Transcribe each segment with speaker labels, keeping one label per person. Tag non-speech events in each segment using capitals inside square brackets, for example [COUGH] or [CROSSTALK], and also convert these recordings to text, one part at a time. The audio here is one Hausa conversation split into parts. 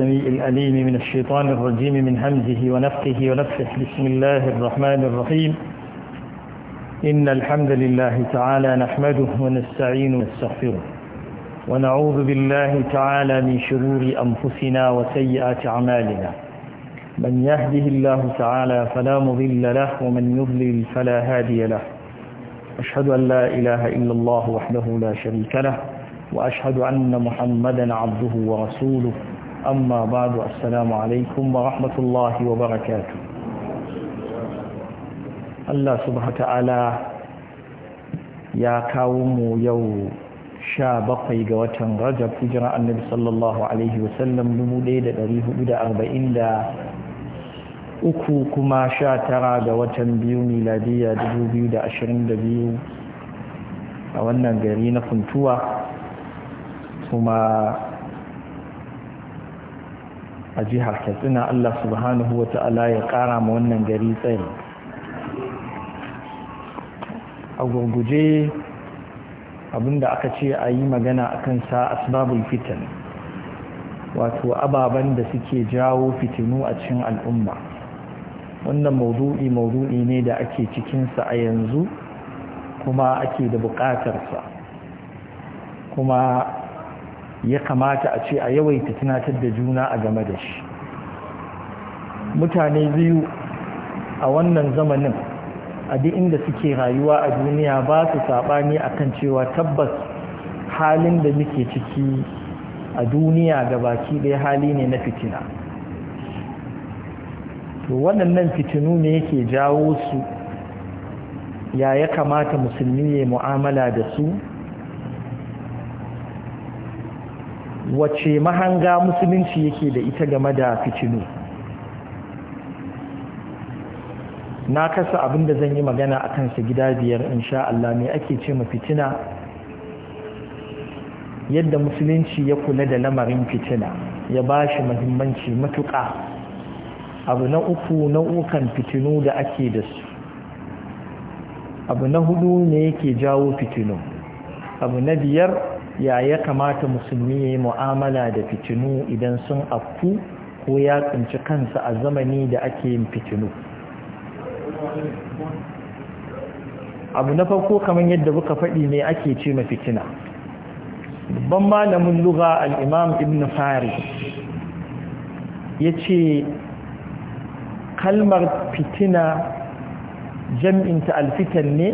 Speaker 1: السميع الأليم من الشيطان الرجيم من همزه ونفقه ونفسه بسم الله الرحمن الرحيم إن الحمد لله تعالى نحمده ونستعين ونستغفره ونعوذ بالله تعالى من شرور أنفسنا وسيئات أعمالنا من يهده الله تعالى فلا مضل له ومن يضلل فلا هادي له أشهد أن لا إله إلا الله وحده لا شريك له وأشهد أن محمدا عبده ورسوله أما بعد السلام عليكم ورحمة الله وبركاته الله سبحانه وتعالى يا كوم يو sha bakwai ga watan rajab hijira annabi sallallahu alaihi wasallam dubu ɗaya da ɗari hudu da arba'in da uku kuma sha tara ga watan biyu miladiya dubu biyu da ashirin da biyu a wannan gari na funtuwa kuma a jihar katsina allah subhanahu wa ta'ala ya kara ma wannan gari tsaye a gurguje abinda aka ce a yi magana a kansa asbabul fitan wato ababen da suke jawo fitinu a cikin al'umma wannan maudu'i maudu'i ne da ake cikinsa a yanzu kuma ake da buƙatarsa kuma ya kamata a ce a yawaita tunatar da juna a game da shi mutane biyu a wannan zamanin a duk inda suke rayuwa a duniya ba su saɓani kan cewa tabbas halin da muke ciki a duniya ga baki ɗaya hali ne na fitina to waɗannan fitinu ne yake jawo su ya ya kamata musulmi ya mu'amala da su wace mahanga musulunci yake da ita game da fitinu na kasa abin da zan yi magana a kansa gida biyar insha Allah me ake ce ma fitina yadda musulunci ya kula da lamarin fitina ya ba shi mahimmanci matuƙa abu na uku nau'ukan fitinu da ake da su abu na hudu ne yake jawo fitinu abu na biyar ya ya kamata musulmi ya yi mu'amala da fitinu idan sun afku ko ya tsinci kansa a zamani da ake yin fitinu abu na farko kamar yadda muka faɗi ne ake ce ma fitina babban malamin luga al'imam ibn fari ya ce kalmar fitina jam'inta alfitan ne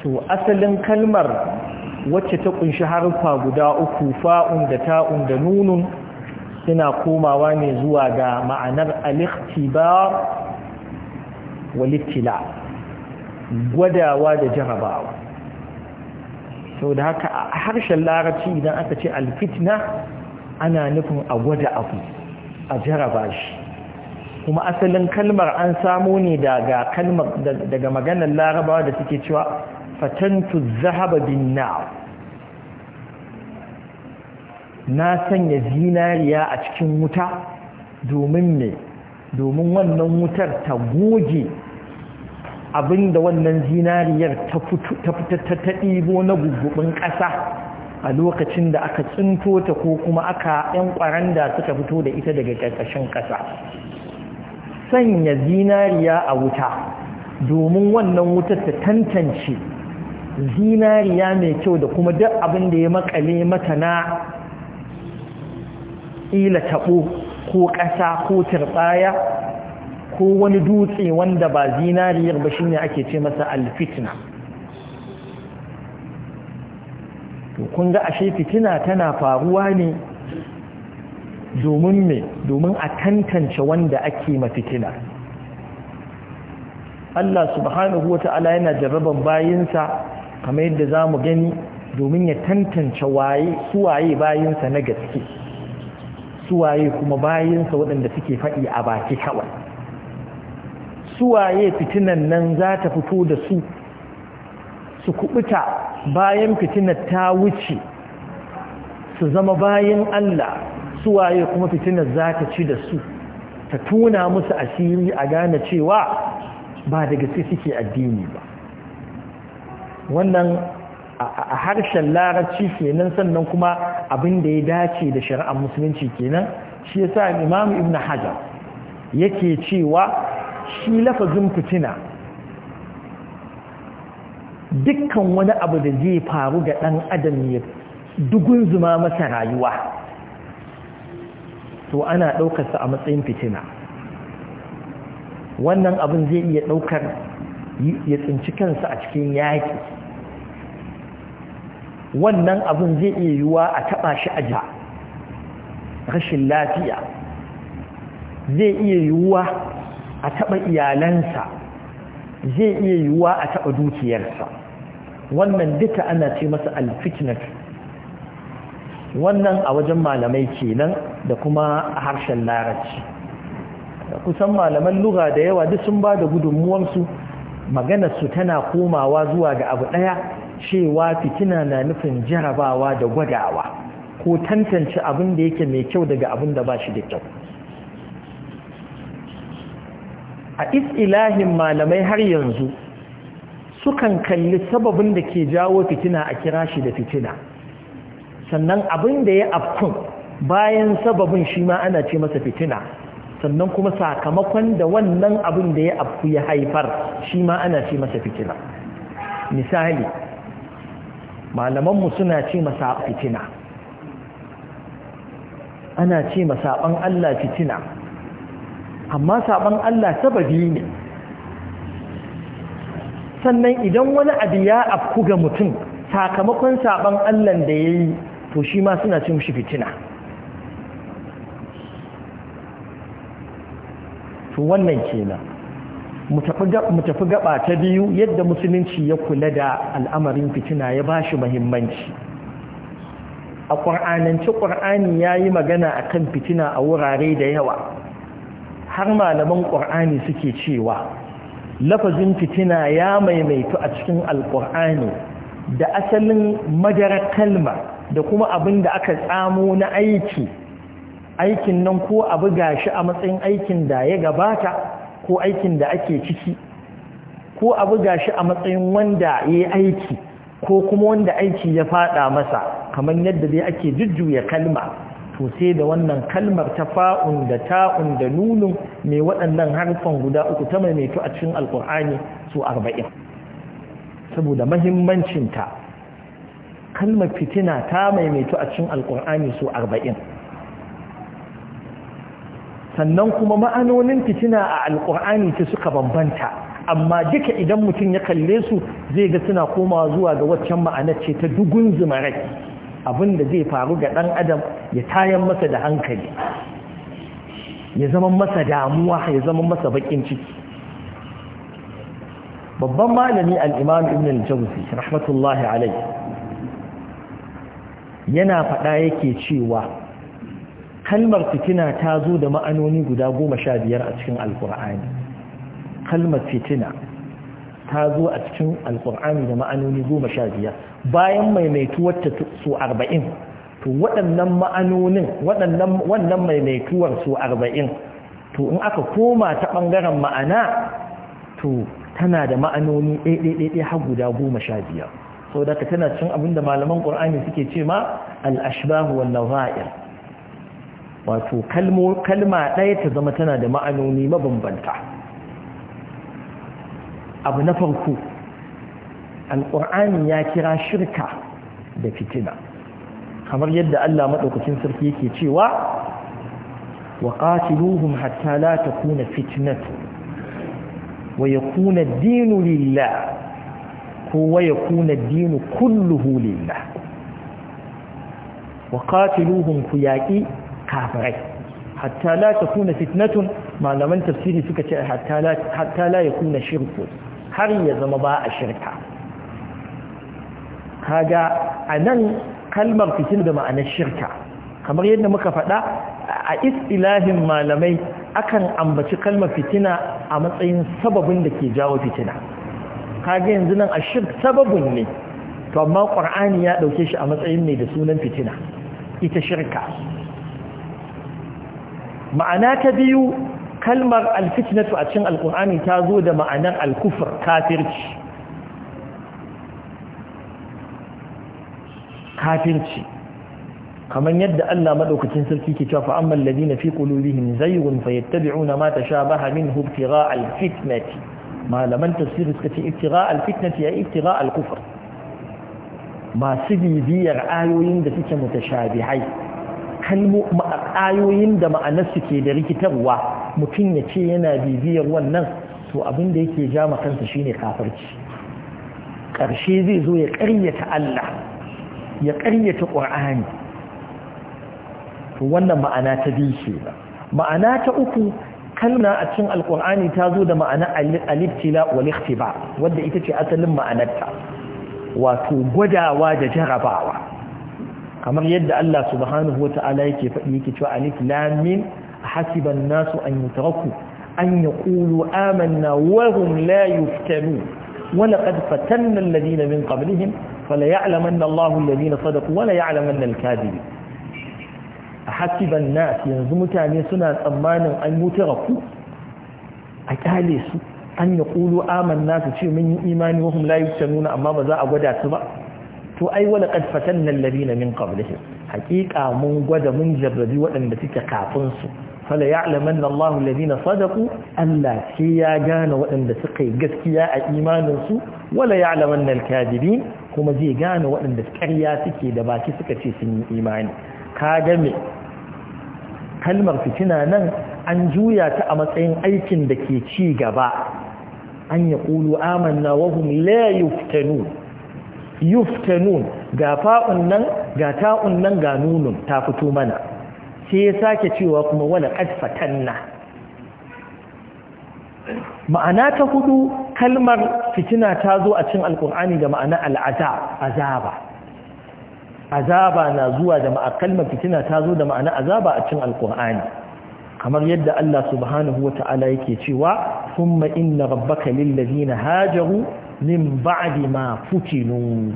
Speaker 1: to asalin kalmar wacce ta kunshi harfa guda uku fa'un da ta'un da nunun suna komawa ne zuwa ga ma'anar al walittila gwadawa da jarabawa sau da haka a harshen larabci idan aka ce alfitna ana nufin a gwada abu a jaraba shi kuma asalin kalmar an samo ne daga daga maganar larabawa da suke cewa fatantu zahaba bin na'am na sanya zinariya a cikin wuta domin ne domin wannan wutar ta goge abinda wannan zinariyar ta fita ta ɗibo na gugubin ƙasa a lokacin da aka tsinto ta ko kuma aka ‘yan ƙwaranda suka fito da ita daga ƙarƙashin ƙasa sanya zinariya a wuta domin wannan wutar ta tantance zinariya mai kyau da kuma duk abin da ya makale mata na ila taɓo ko ƙasa ko turɓaya ko wani dutse wanda ba zinariyar ba shine ake ce masa alfitna to kun ga ashe fitina tana faruwa ne domin me domin a tantance wanda ake ma fitina Allah subhanahu wa ta'ala yana jarraban bayinsa kamar yadda za mu gani domin ya tantance waye suwaye bayansa na gaske suwaye kuma bayansa waɗanda suke faɗi a baki kawai suwaye fitinan nan za ta fito da su su kubuta bayan fitinar ta wuce su zama bayan Allah suwaye kuma fitinar za ta ci da su ta tuna musu asiri a gane cewa ba daga gaske suke addini ba wannan a harshen larabci kenan sannan kuma abin da ya dace da shari'ar musulunci kenan shi ya sa imam ibn hajar yake cewa shi lafazin fitina dukkan wani abu da zai faru ga ɗan adam ya dugun zuma masa rayuwa to ana ɗaukarsa a matsayin fitina wannan abin zai iya ɗaukar ya tsinci kansa a cikin yaƙi wannan abin zai iya yiwuwa a taɓa shi a ja rashin lafiya zai iya yiwuwa a taɓa iyalansa zai iya yiwuwa a taɓa dukiyarsa wannan duka ana ce masa alfitnat wannan a wajen malamai kenan da kuma a harshen larabci kusan malaman lura da yawa duk sun ba da gudunmuwansu maganarsu tana komawa zuwa ga abu ɗaya cewa fitina na nufin jarabawa da gwadawa ko tantance abin da yake mai kyau daga abin da ba shi da kyau a isilahin malamai har yanzu sukan kalli sababin da ke jawo fitina a kira shi da fitina sannan abin da ya afkun bayan sababin shi ma ana ce masa fitina sannan kuma sakamakon da wannan abin da ya afku ya haifar shi ma ana ce masa fitina misali malamanmu suna ce masa fitina ana ce masaban Allah fitina amma saban Allah sababi ne sannan idan wani abu ya afku ga mutum sakamakon saban Allah da ya yi to shi ma suna ce mushi fitina to wannan kenan mu tafi gaba ta biyu yadda musulunci ya kula da al'amarin fitina ya ba shi mahimmanci a ƙwar'anance ƙwar'ani ya yi magana a kan fitina a wurare da yawa har malaman ƙwar'ani suke cewa lafazin fitina ya maimaitu a cikin alƙwar'ani da asalin madarar kalma da kuma abin da aka tsamo na aiki aikin nan ko abu gashi a matsayin aikin da ya gabata ko aikin da ake ciki ko a buga shi a matsayin wanda ya yi aiki ko kuma wanda aiki ya fada masa kamar yadda dai ake jujjuya kalma to sai da wannan kalmar ta fa'un da ta'un da nunun mai waɗannan harfan guda uku ta maimaito a cikin alƙur'ani su arba'in saboda mahimmancinta kalmar fitina ta maimaito a cikin alƙur'ani su arba'in sannan kuma ma'anonin fitina a alƙur'ani ta suka bambanta amma duka idan mutum ya kalle su zai ga suna koma zuwa ga waccan ma'anar ce ta dugun zumarai abinda zai faru ga ɗan adam ya tayan masa da hankali ya zama masa damuwa ya zama masa baƙin ciki babban malami al'imam ibn al-jawzi rahmatullahi alai yana faɗa yake cewa kalmar fitina ta zo da ma'anoni guda goma sha biyar a cikin alkur'ani kalmar fitina ta zo a cikin alkur'ani da ma'anoni goma sha biyar bayan maimaituwar ta su arba'in to waɗannan ma'anonin wannan maimaituwar su arba'in to in aka koma ta ɓangaren ma'ana to tana da ma'anoni ɗaiɗaiɗaiɗai har guda goma sha biyar sau da ka tana cin abinda malaman ƙur'ani suke ce ma al'ashbahu wa wal wato kalma ɗaya ta zama tana da ma'anoni mabambanta abu na farko alƙur'ani ya kira shirka da fitina kamar yadda Allah maɗaukacin sarki yake cewa wa qatiluhum hatta la takuna fitnatu wa ya kuna dinu lillah ko wa ya kuna dinu kulluhu lillah wa qatiluhum yaƙi. kafirai hatta la kuna fitnatun malaman tafsiri suka ce hatta la hatta la yakuna shirku har ya zama ba a shirka kaga anan kalmar fitin da ma'anar shirka kamar yadda muka faɗa a istilahin malamai akan ambaci kalmar fitina a matsayin sababin da ke jawo fitina kaga yanzu nan a shirk sababin ne to amma ƙwar'ani ya ɗauke shi a matsayin ne da sunan fitina ita shirka ma'ana ta biyu kalmar alfitnatu a cikin alkur'ani ta zo da ma'anar alkufur kafirci kafirci kamar yadda Allah madaukakin sarki ke cewa fa amma alladhina fi qulubihim zayghun fayattabi'una ma tashabaha minhu ibtigha' alfitnati malaman tafsir suka ce ibtigha' alfitnati ya ibtigha' alkufr masu bibiyar ayoyin da suke mutashabihai kalmo ayoyin da ma'anarsu ke da rikitarwa mutum ya ce yana bibiyar wannan to abin da yake ja kansa shine kafirci ƙarshe zai zo ya ƙaryata Allah ya ƙaryata ƙur'ani to wannan ma'ana ta biyu ce ba ma'ana ta uku kalma a cikin alƙur'ani ta zo da ma'ana alibtila wal ikhtiba wanda ita ce asalin ma'anarta wato gwadawa da jarabawa kamar yadda Allah subhanahu wa wata'ala yake faɗi yake cewa alif lam mim hasiban nasu an yutraku an ƙulu amanna wa layu la yuftanu wa laqad fatanna alladhina min qablihim fala ya'lamanna Allahu alladhina sadaqu wa la ya'lamanna al-kadhibin hasiban nas yanzu mutane suna tsammanin an yutraku a kyale su an yaqulu amanna su ce min yi imani wa layu la yuftanu amma ba za a gwada su ba to ai wala qad fatanna alladhina min qablihim haqiqa mun gwada mun jarrabi waɗanda suke kafin su fala ya'lamanna Allahu alladhina sadaqu Allah shi ya gane waɗanda suka gaskiya a imanin su wala ya'lamanna al kuma zai gane waɗanda ƙarya suke da baki suka ce sun yi imani ka ga me kalmar fitina nan an juya ta a matsayin aikin da ke ci gaba an ya ƙulu amanna wahum la yuftanu yuftanun ga fa'un nan ga ta'un nan ga nunun ta fito mana sai ya sake cewa kuma wala qad ma'ana ta hudu kalmar fitina ta zo a cin Alƙur'ani da ma'ana al'azab azaba azaba na zuwa da ma'a kalmar fitina ta zo da ma'ana azaba a cin alkur'ani kamar yadda Allah subhanahu wata'ala yake cewa thumma inna rabbaka lil ladina hajaru min ba'di ma futinu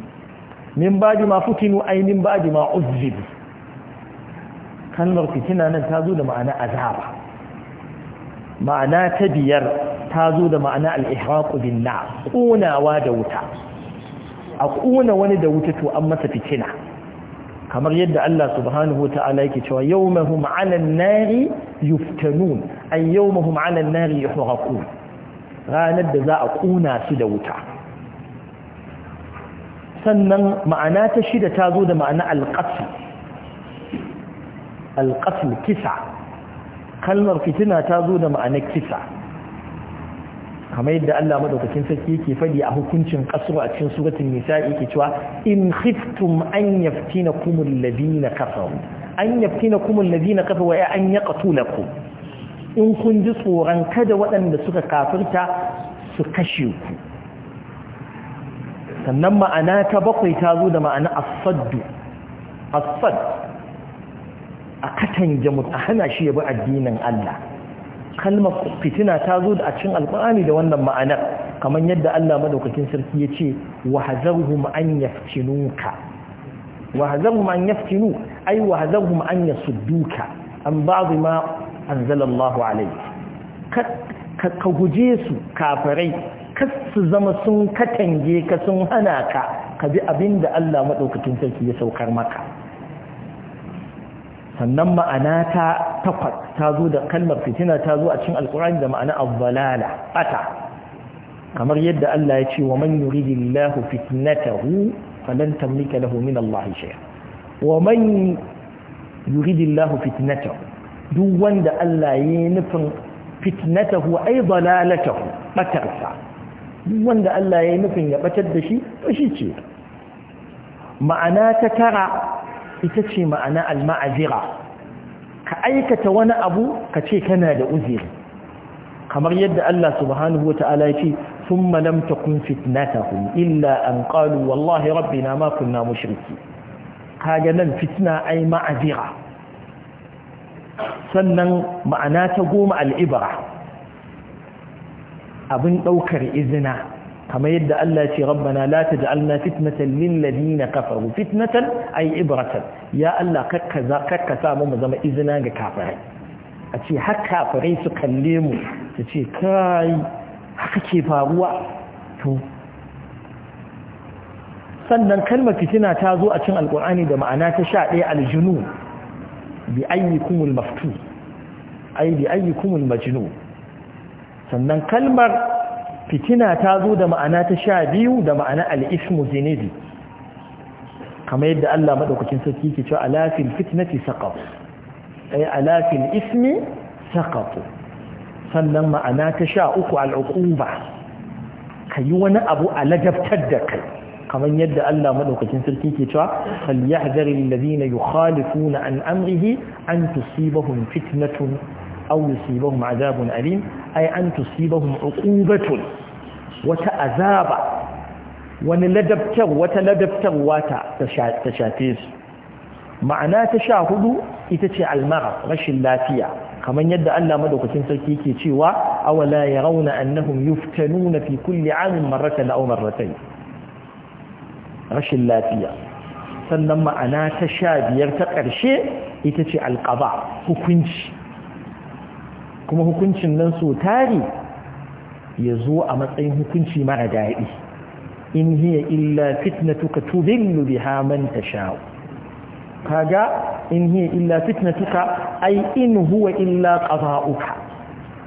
Speaker 1: min ba'di ma futinu ai min ba'di ma uzzibu kalmar fitina nan ta zo da ma'ana azaba ma'ana ta biyar ta zo da ma'ana al-ihraqu bin nar kunawa da wuta a kuna wani da wuta to an masa fitina kamar yadda Allah subhanahu wa ta'ala yake cewa yawmahum 'ala an-nari yuftanun ay yawmahum 'ala an-nari yuhraqun ranar da za a ƙuna su da wuta sannan ma'ana ta shida ta zo da ma'ana alƙasu alƙasu kisa kalmar fitina ta zo da ma'ana kisa kamar yadda Allah madaukakin sarki yake fadi a hukuncin kasru a cikin suratul nisa yake cewa in khiftum an yaftinakum alladhina kafaru an yaftinakum alladhina kafaru wa an yaqtulakum in kun ji tsoron kada waɗanda suka kafirta su kashe ku sannan ma'ana ta bakwai ta zo da ma'ana asaddu asad a katan jamus a hana shi yabi addinin Allah kalmar fitina ta zo da a cikin alkur'ani da wannan ma'anar kamar yadda Allah madaukakin sarki ya ce wahazarhum an yaftinuka wahazarhum an yaftinu ay wahazarhum an yasudduka an ma anzalallahu alaihi ka guje su kafirai kas su zama sun katange ka sun hana ka ka bi abin da Allah maɗaukakin sarki ya saukar maka sannan ma'ana ta takwas ta zo da kalmar fitina ta zo a cikin alkurani da ma'ana abbalala bata. kamar yadda Allah ya ce wa man yuridillahu fitnatahu falan tamlika lahu min Allah shay'a wa man yuridillahu fitnatahu duk wanda Allah ya nufin fitnatahu ay dalalatahu batarsa duk wanda Allah ya nufin ya batar da shi to shi ce ma'ana ta tara ita ce ma'ana alma'azira ka aikata wani abu ka ce kana da uziri kamar yadda Allah subhanahu wata'ala ya ce thumma lam takun fitnatahum illa an qalu wallahi na ma kunna mushriki kaga nan fitna ai ma'azira sannan ma'ana ta goma al'ibara abin ɗaukar izina kamar yadda Allah ce rabbana la taj'alna fitnatan lil ladina kafaru fitnatan ay ibratan ya Allah kakka za sa mu zama izina ga kafirai a ce haka kafirai su kalle mu su ce kai haka ke faruwa to sannan kalmar fitina ta zo a cikin alkur'ani da ma'ana ta sha ɗaya aljunu bi kumul maftu ai bi kumul majnu. sannan kalmar fitina ta zo da ma'ana ta sha biyu da ma'ana al'ismu ismu zinibi kamar yadda Allah madaukakin sarki ke cewa alafil fitnati saqat ai alafil ismi saqat sannan ma'ana ta sha uku al ka yi wani abu a ladabtar da kai kamar yadda Allah madaukakin sarki ke cewa falyahdhar alladhina yukhalifuna an amrihi an tusibahum fitnatun aw yusibahum adhabun alim ay an tusibahum uqubatun wata azaba wani ladabtar wata ladabtar wata ta shafe su ma'ana ta sha hudu ita ce almara rashin lafiya kamar yadda Allah madaukakin sarki ke cewa awala ya yarawna annahum yuftanuna fi kulli amin marratan aw ratai. rashin lafiya sannan ma'ana ta sha biyar ta ƙarshe ita ce alƙaba hukunci kuma hukuncin nan so tari ya zo a matsayin hukunci mara daɗi in hiya illa fitnatuka tubillu biha man tasha'u kaga in hiya illa fitnatuka ai in huwa illa qada'uka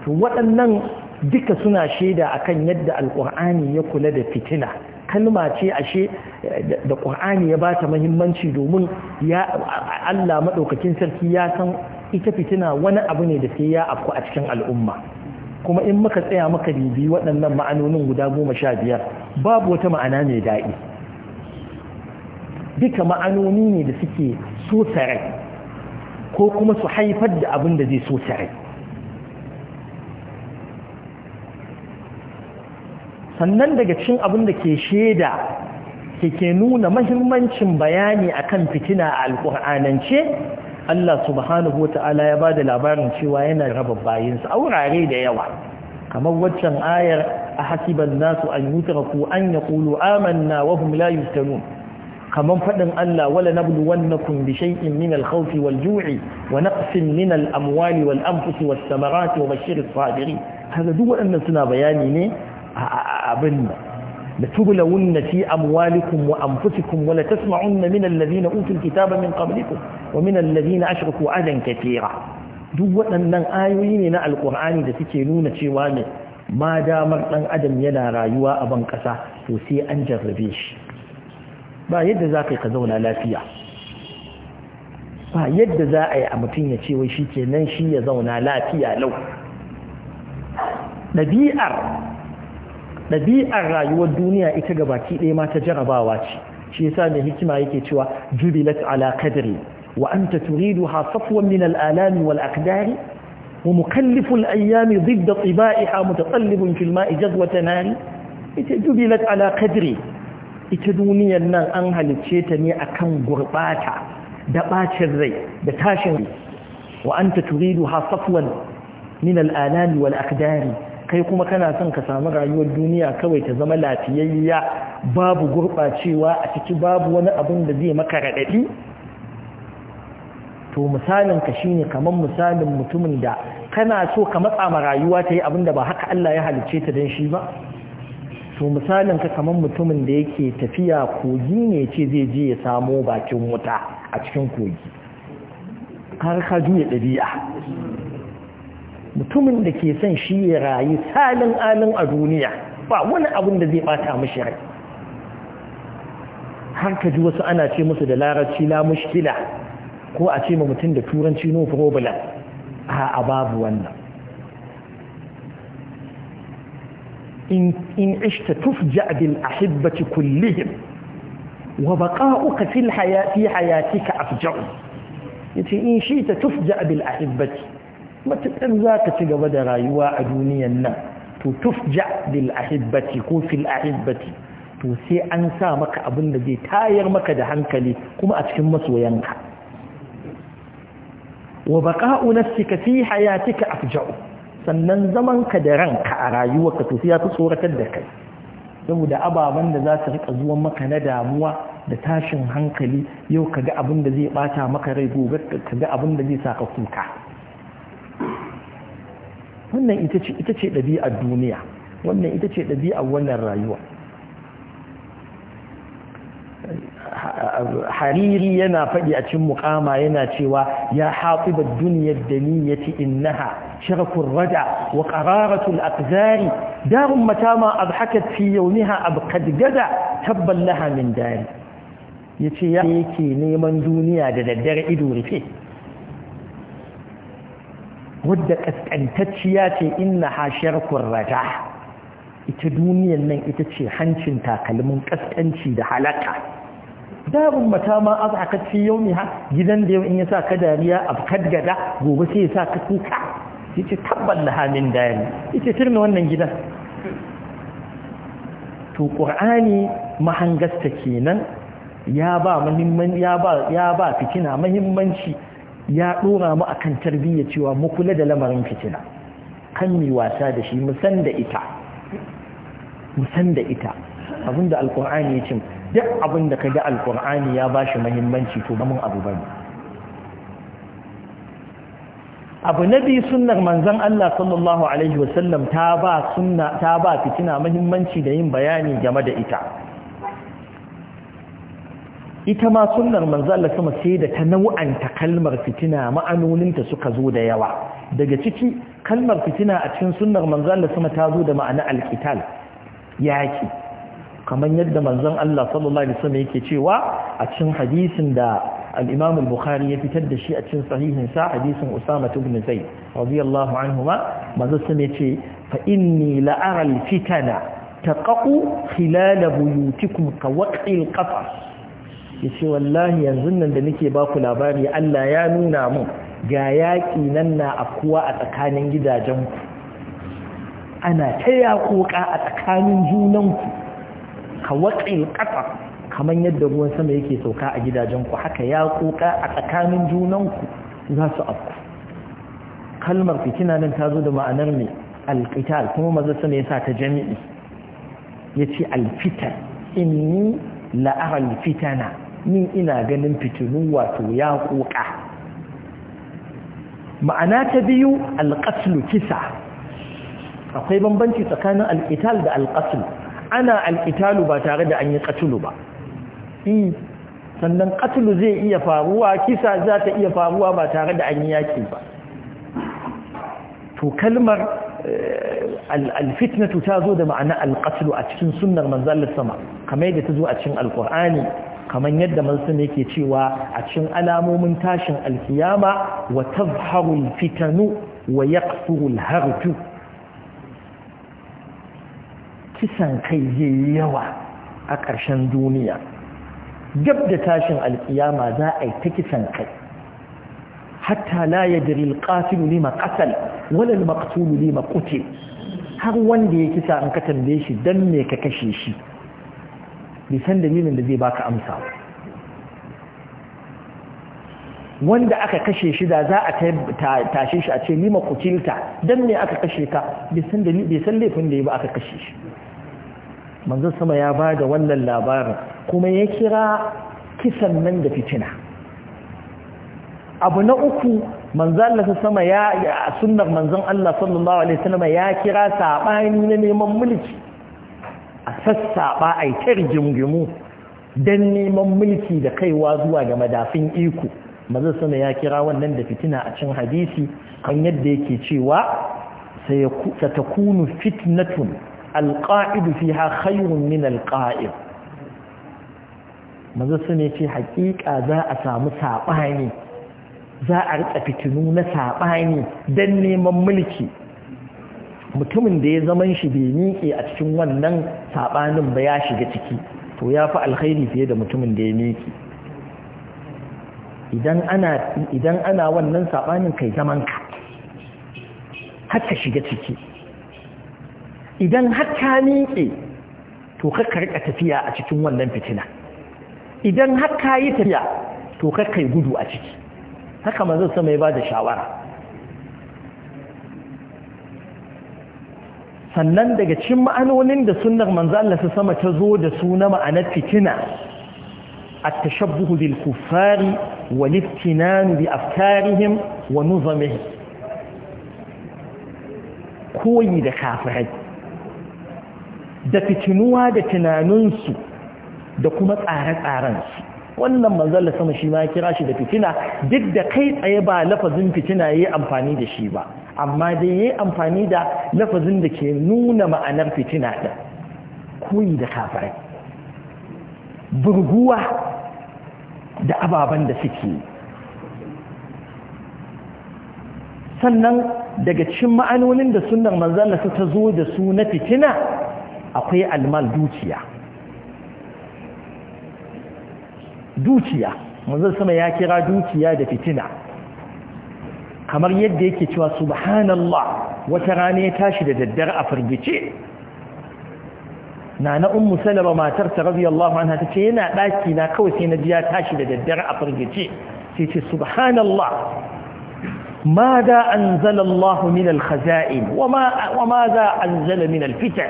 Speaker 1: to waɗannan duka suna shaida akan yadda alqur'ani ya kula da fitina kalma ce ashe da ƙur'ani ya ba ta mahimmanci domin Allah maɗaukakin sarki ya san ita fitina wani abu ne da sai ya afku a cikin al'umma kuma in muka tsaya muka bibi waɗannan ma'anonin guda goma sha biyar babu wata ma'ana mai daɗi duka ma'anoni ne da suke so ko kuma su haifar da abin da zai so tare sannan daga cikin abin da ke shaida ke nuna mahimmancin bayani akan fitina a alƙur'anance Allah subhanahu wata'ala ya bada labarin cewa yana raba bayinsa aurare da yawa kamar waccan ayar a hasiban nasu an yutraku an yaqulu amanna wa hum la yuftanun kamar fadin Allah wala wannakum bi shay'in min al-khawfi wal-ju'i wa naqsin min al-amwali wal-anfusi was-samarati wa bashir as-sabirin hada duk waɗannan suna bayani ne abin da لتبلون في أموالكم وأنفسكم ولتسمعن من الذين أوتوا الكتاب من قبلكم ومن الذين أشركوا أذى كثيرا duk waɗannan ayoyi ne na alƙur'ani da suke nuna cewa ne ma damar ɗan adam yana rayuwa a ban ƙasa to sai an jarrabe shi ba yadda za ka zauna lafiya ba yadda za a yi a mutum ya ce wai shi kenan shi ya zauna lafiya lau ɗabi'ar ɗabi'ar rayuwar duniya ita ga baki ɗaya ma ta jarabawa ce shi yasa mai hikima yake cewa jubilat ala kadri wa anta turiduha safwan min al'alami wal aqdari wa mukallifu ayyami dhidda tibaiha mutatallibun fil ma'i jazwatan nari ita jubilat ala kadri ita duniyar nan an halicce ta ne akan gurbata da bacin rai da tashin wa anta turiduha safwan min al'alami wal aqdari kai kuma kana son ka samu rayuwar duniya kawai ta zama lafiyayya babu gurɓacewa a ciki babu wani abin da zai maka raɗaɗi to misalin ka shine kamar misalin mutumin da kana so ka matsa ma rayuwa ta yi abin da ba haka Allah ya halicce ta don shi ba to misalin ka kamar mutumin da yake tafiya kogi ne ce zai je ya samo bakin wuta a cikin kogi har ka juya ɗabi'a mutumin da ke son shi ya rayu salin alin a duniya ba wani abin da zai bata mashi rai har ka ji wasu ana ce musu da larabci la mushkila ko a ce ma mutum da turanci no problem a babu wannan in ishta tufja bil ahibbati kullihim wa baqa'uka fil hayati hayatika afja'u yace in shi ta tufja bil ahibbati matuƙar za ka ci gaba da rayuwa a duniyan nan to tufja bil ahibbati ko fil ahibbati to sai an sa maka abin da zai tayar maka da hankali kuma a cikin masoyanka wa baqa'u nafsika fi hayatika afja'u sannan zamanka da ranka a rayuwarka to sai ya fi tsoratar da kai saboda ababen da za su rika zuwa maka na damuwa da tashin hankali yau kaga abin da zai bata maka rai gobe kaga abin da zai saka kuka wannan ita ce ɗabi'ar duniya wannan ita ce ɗabi'ar wannan rayuwa hariri yana faɗi a cin mukama yana cewa ya haɗuba duniyar da niyyati innaha sharafin rada wa ƙararatul aqzari darun matama abhakat fi yawmiha kadgada tabban laha min dari yace ya yake neman duniya da daddare ido rufe wadda ƙasƙantacciya ce inna hashiyar kurrata ita duniyan nan ita ce hancin takalmin ƙasƙanci da halaka dabin mata ma a tsakacci yau ne ha gidan da yau in ya sa ka dariya a kadgada gobe sai ya sa ka kuka ya ce tabbal da hamin ya ita turna wannan gidan to ƙur'ani mahangasta kenan ya ya ba fitina mahimmanci ya ɗora mu akan tarbiyya cewa mu kula da lamarin fitina kan mi wasa da shi mu san da ita mu san da ita abinda alkur'ani ya ce duk abinda ka ga alkur'ani ya bashi muhimmanci to ba mun abu bane abu na biyu sunnar manzon Allah sallallahu alaihi wasallam ta ba sunna ta ba fitina muhimmanci da yin bayani game da ita ita ma sunnar manzo Allah kuma sai da ta nau'anta kalmar fitina ma'anoninta suka zo da yawa daga ciki kalmar fitina a cikin sunnar manzo Allah kuma ta zo da ma'ana alqital yaki kamar yadda manzon Allah sallallahu alaihi wasallam yake cewa a cikin hadisin da al-Imam al-Bukhari ya fitar da shi a cikin sahihin sa hadisin Usama ibn Zaid radiyallahu anhuma manzo sai yace fa inni la'ara al-fitana taqaqu khilal buyutikum ka waqi ƙafa. qafas ya ce wallahi yanzu nan da nake ba ku labari Allah ya nuna mun ga yaƙi nan na afkuwa a tsakanin gidajenku ana ta yaƙoƙa a tsakanin junanku ka waƙil ƙasa kamar yadda ruwan sama yake sauka a gidajenku haka yaƙoƙa a tsakanin junanku za su afku kalmar fitina nan ta zo da ma'anar mai alƙital kuma maza sama ya sa ta jami'i ya ce alfitar inni la'ar alfitana ni ina ganin fitinu wato ya kuka. ma'ana ta biyu alƙaslu kisa akwai bambanci tsakanin alƙital da alƙaslu ana alƙitalu ba tare da an yi ƙatulu ba sannan ƙatulu zai iya faruwa kisa za ta iya faruwa ba tare da an yi yaƙi ba to kalmar eh, alfitnatu ta zo da ma'ana alƙatulu a cikin sunnar manzalar sama kamar yadda ta zo a cikin alƙur'ani kamar yadda mansun yake cewa a cikin alamomin tashin alkiyama wa tazharul fitanu wa yaqsurul harju kisan kai zai yawa a ƙarshen duniya gab da tashin alkiyama za a yi ta kisan kai hatta la yadri alqatil lima qatal wala almaqtul lima qutil har wanda ya kisa an ka tambaye shi dan me ka kashe shi bai dalilin da zai baka amsa wanda aka kashe shi da za a tashe shi a ce lima kucilta dan ne aka kashe ka bai san laifin da ya ba aka kashe shi manzan sama ya ba da wannan labarin kuma ya kira kisan nan da fitina abu na uku manzan Allah sama ya sunnar manzon Allah sallallahu alaihi wasallam ya kira saɓani na neman mulki a sassaɓa a yi ta rigimgimu don neman mulki da kaiwa zuwa ga madafin iko maza suna ya kira wannan da fitina a cin hadisi kan yadda yake cewa ta kunu fitnatun alƙa'idu fi ha khayrun min alƙa'id suna ce haƙiƙa za a samu saɓani za a rika fitinu na saɓani don neman mulki mutumin da ya zaman shi bai miƙe a cikin wannan saɓanin ba ya shiga ciki to ya fi alkhairi fiye da mutumin da ya miƙe idan ana wannan saɓanin kai zaman ka har ka shiga ciki idan har ka miƙe to ka tafiya a cikin wannan fitina idan har ka yi tafiya to ka gudu a ciki haka manzo sama ya ba da shawara sannan daga cin ma'anonin da sunar manzan Allah sama ta zo da su na ma'anar fitina ta tashabbuhu bil kufari wa iftinan bi afkarihim wa koyi da kafirai da fitinuwa da tunaninsu da kuma tsare-tsarensu wannan manzalla sama shi ma kira shi da fitina duk da kai tsaye ba lafazin fitina ya yi amfani da shi ba amma dai yayi amfani da lafazin da ke nuna ma'anar fitina da koyi da kafirai burguwa da ababen da suke sannan daga cikin ma'anonin da sunnar manzon Allah ta zo da su na fitina akwai almal dukiya dukiya manzon sama ya kira dukiya da fitina kamar yadda yake cewa subhanallah wata rana ya tashi da daddare a firgice Nana na ummu salama matar ta radiyallahu anha ta ce yana daki na kawai sai na ji ya tashi da daddare a firgice sai ce subhanallah ma da anzala Allah min al-khaza'in wa ma za anzala min al-fitan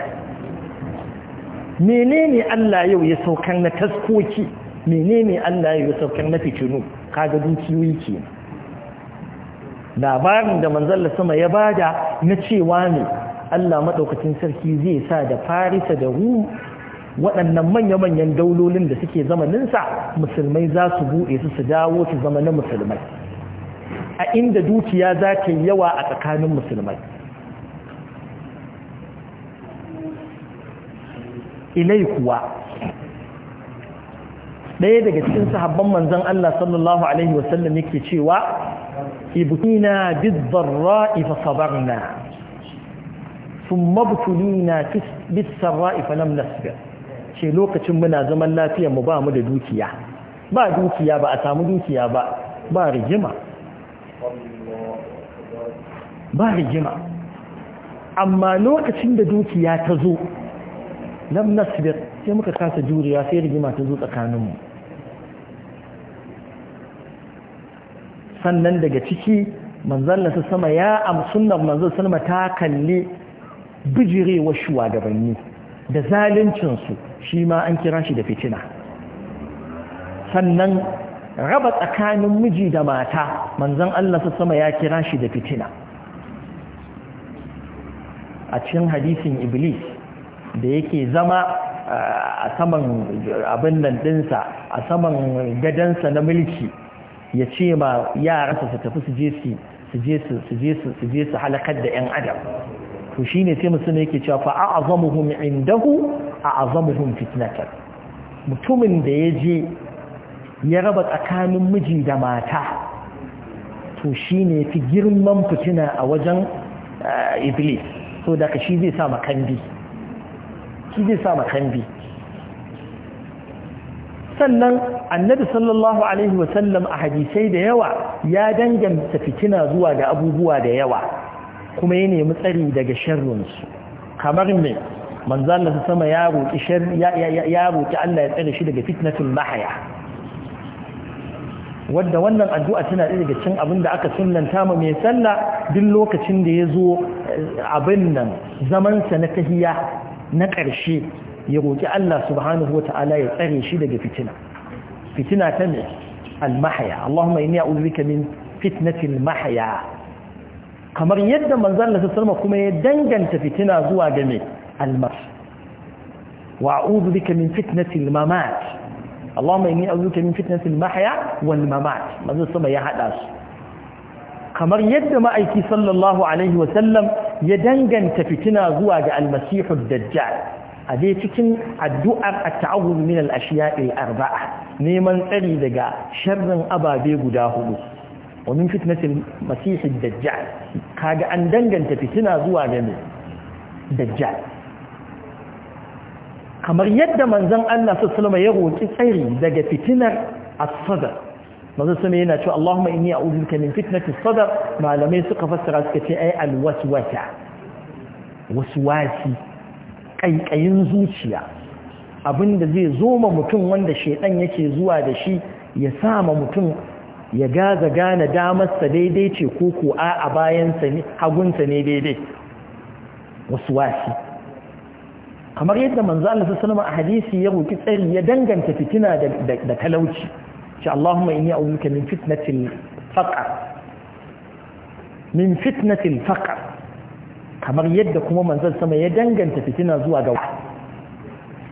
Speaker 1: menene Allah yau ya saukar na taskoki menene Allah yau ya saukar na fitinu kaga dukiyoyi ke? labarin da manzalla sama ya bada na cewa ne Allah maɗaukacin sarki zai sa da farisa da rum waɗannan manya-manyan daulolin da suke zamaninsa musulmai za su buɗe su su dawo su zama na musulmai a inda dukiya za ta yi yawa a tsakanin musulmai ilai kuwa ɗaya daga cikin sahabban manzan Allah sallallahu Alaihi wasallam yake cewa ابتلينا بالضراء فصبرنا ثم ابتلينا بالسراء فلم نصبر ce lokacin muna zaman lafiyar mu ba mu da dukiya ba dukiya ba a samu dukiya ba ba rigima ba rigima amma lokacin da dukiya ta zo lam nasbir sai muka kasa juriya sai rigima ta zo tsakaninmu sannan daga ciki manzan nasu sama ya amsunan manzan sama ta kalli bijirewa shugabanni da zaluncinsu shi ma an kira shi da fitina sannan raba tsakanin miji da mata manzon Allah sama ya kira shi da fitina a cikin hadisin iblis da yake zama a saman abin nan dinsa a saman gadansa na mulki ya ce ma yaransa su tafi su je su su je su su je su su je su halakar da yan adam to shine sai musulmi yake cewa fa a'azamuhum indahu a'azamuhum fitnatan mutumin da ya je ya raba tsakanin miji da mata to shine fi girman fitina a wajen eh, iblis so da ka shi zai sa makambi shi zai sa makambi sannan annabi sallallahu alaihi wasallam a hadisai da yawa ya danganta fitina zuwa da abubuwa da yawa kuma ya nemi tsari daga sharrinsu kamar me manzan sama ya roki ya Allah ya tsare shi daga fitnatul mahya wadda wannan addu'a tana ɗaya daga cikin abin da aka sunanta mu mai sallah duk lokacin da ya zo eh, abin nan zamansa na tahiya na ƙarshe ya roƙi Allah subhanahu wa ta'ala ya tsare shi daga fitina fitina ta ne al Allahumma inni a'udhu bika min fitnati mahya kamar yadda manzon Allah sallallahu alaihi kuma ya danganta fitina zuwa ga me al wa a'udhu bika min fitnati almamat Allahumma inni a'udhu bika min fitnati mahya wal mamat manzon sama ya hada su kamar yadda ma'aiki sallallahu alaihi wa sallam ya danganta fitina zuwa ga almasihud dajjal a dai cikin addu'ar at-ta'awuz min al-ashiya'i al-arba'a neman tsari daga sharrin ababe guda hudu wa min fitnatil masih ad-dajjal kaga an danganta fitina zuwa ga dajjal kamar yadda manzon Allah sallallahu alaihi ya roƙi tsari daga fitinar as-sadr yana cewa Allahumma inni a'udhu bika min fitnati sadr malamai suka fassara suka ce ai al waswasi ƙaiƙayin zuciya abinda zai zo ma mutum wanda shaidan yake zuwa da shi ya sa ma mutum ya gaza gane damarsa daidai ce ko ko a bayansa ne hagunsa ne daidai wasu wasi kamar yadda manzo Allah sallallahu a hadisi ya roki tsari ya danganta fitina da talauci ce Allahumma inni a'udhuka min fitnatil faqr min fitnatil faqr kamar yadda kuma manzon sama ya danganta fitina zuwa ga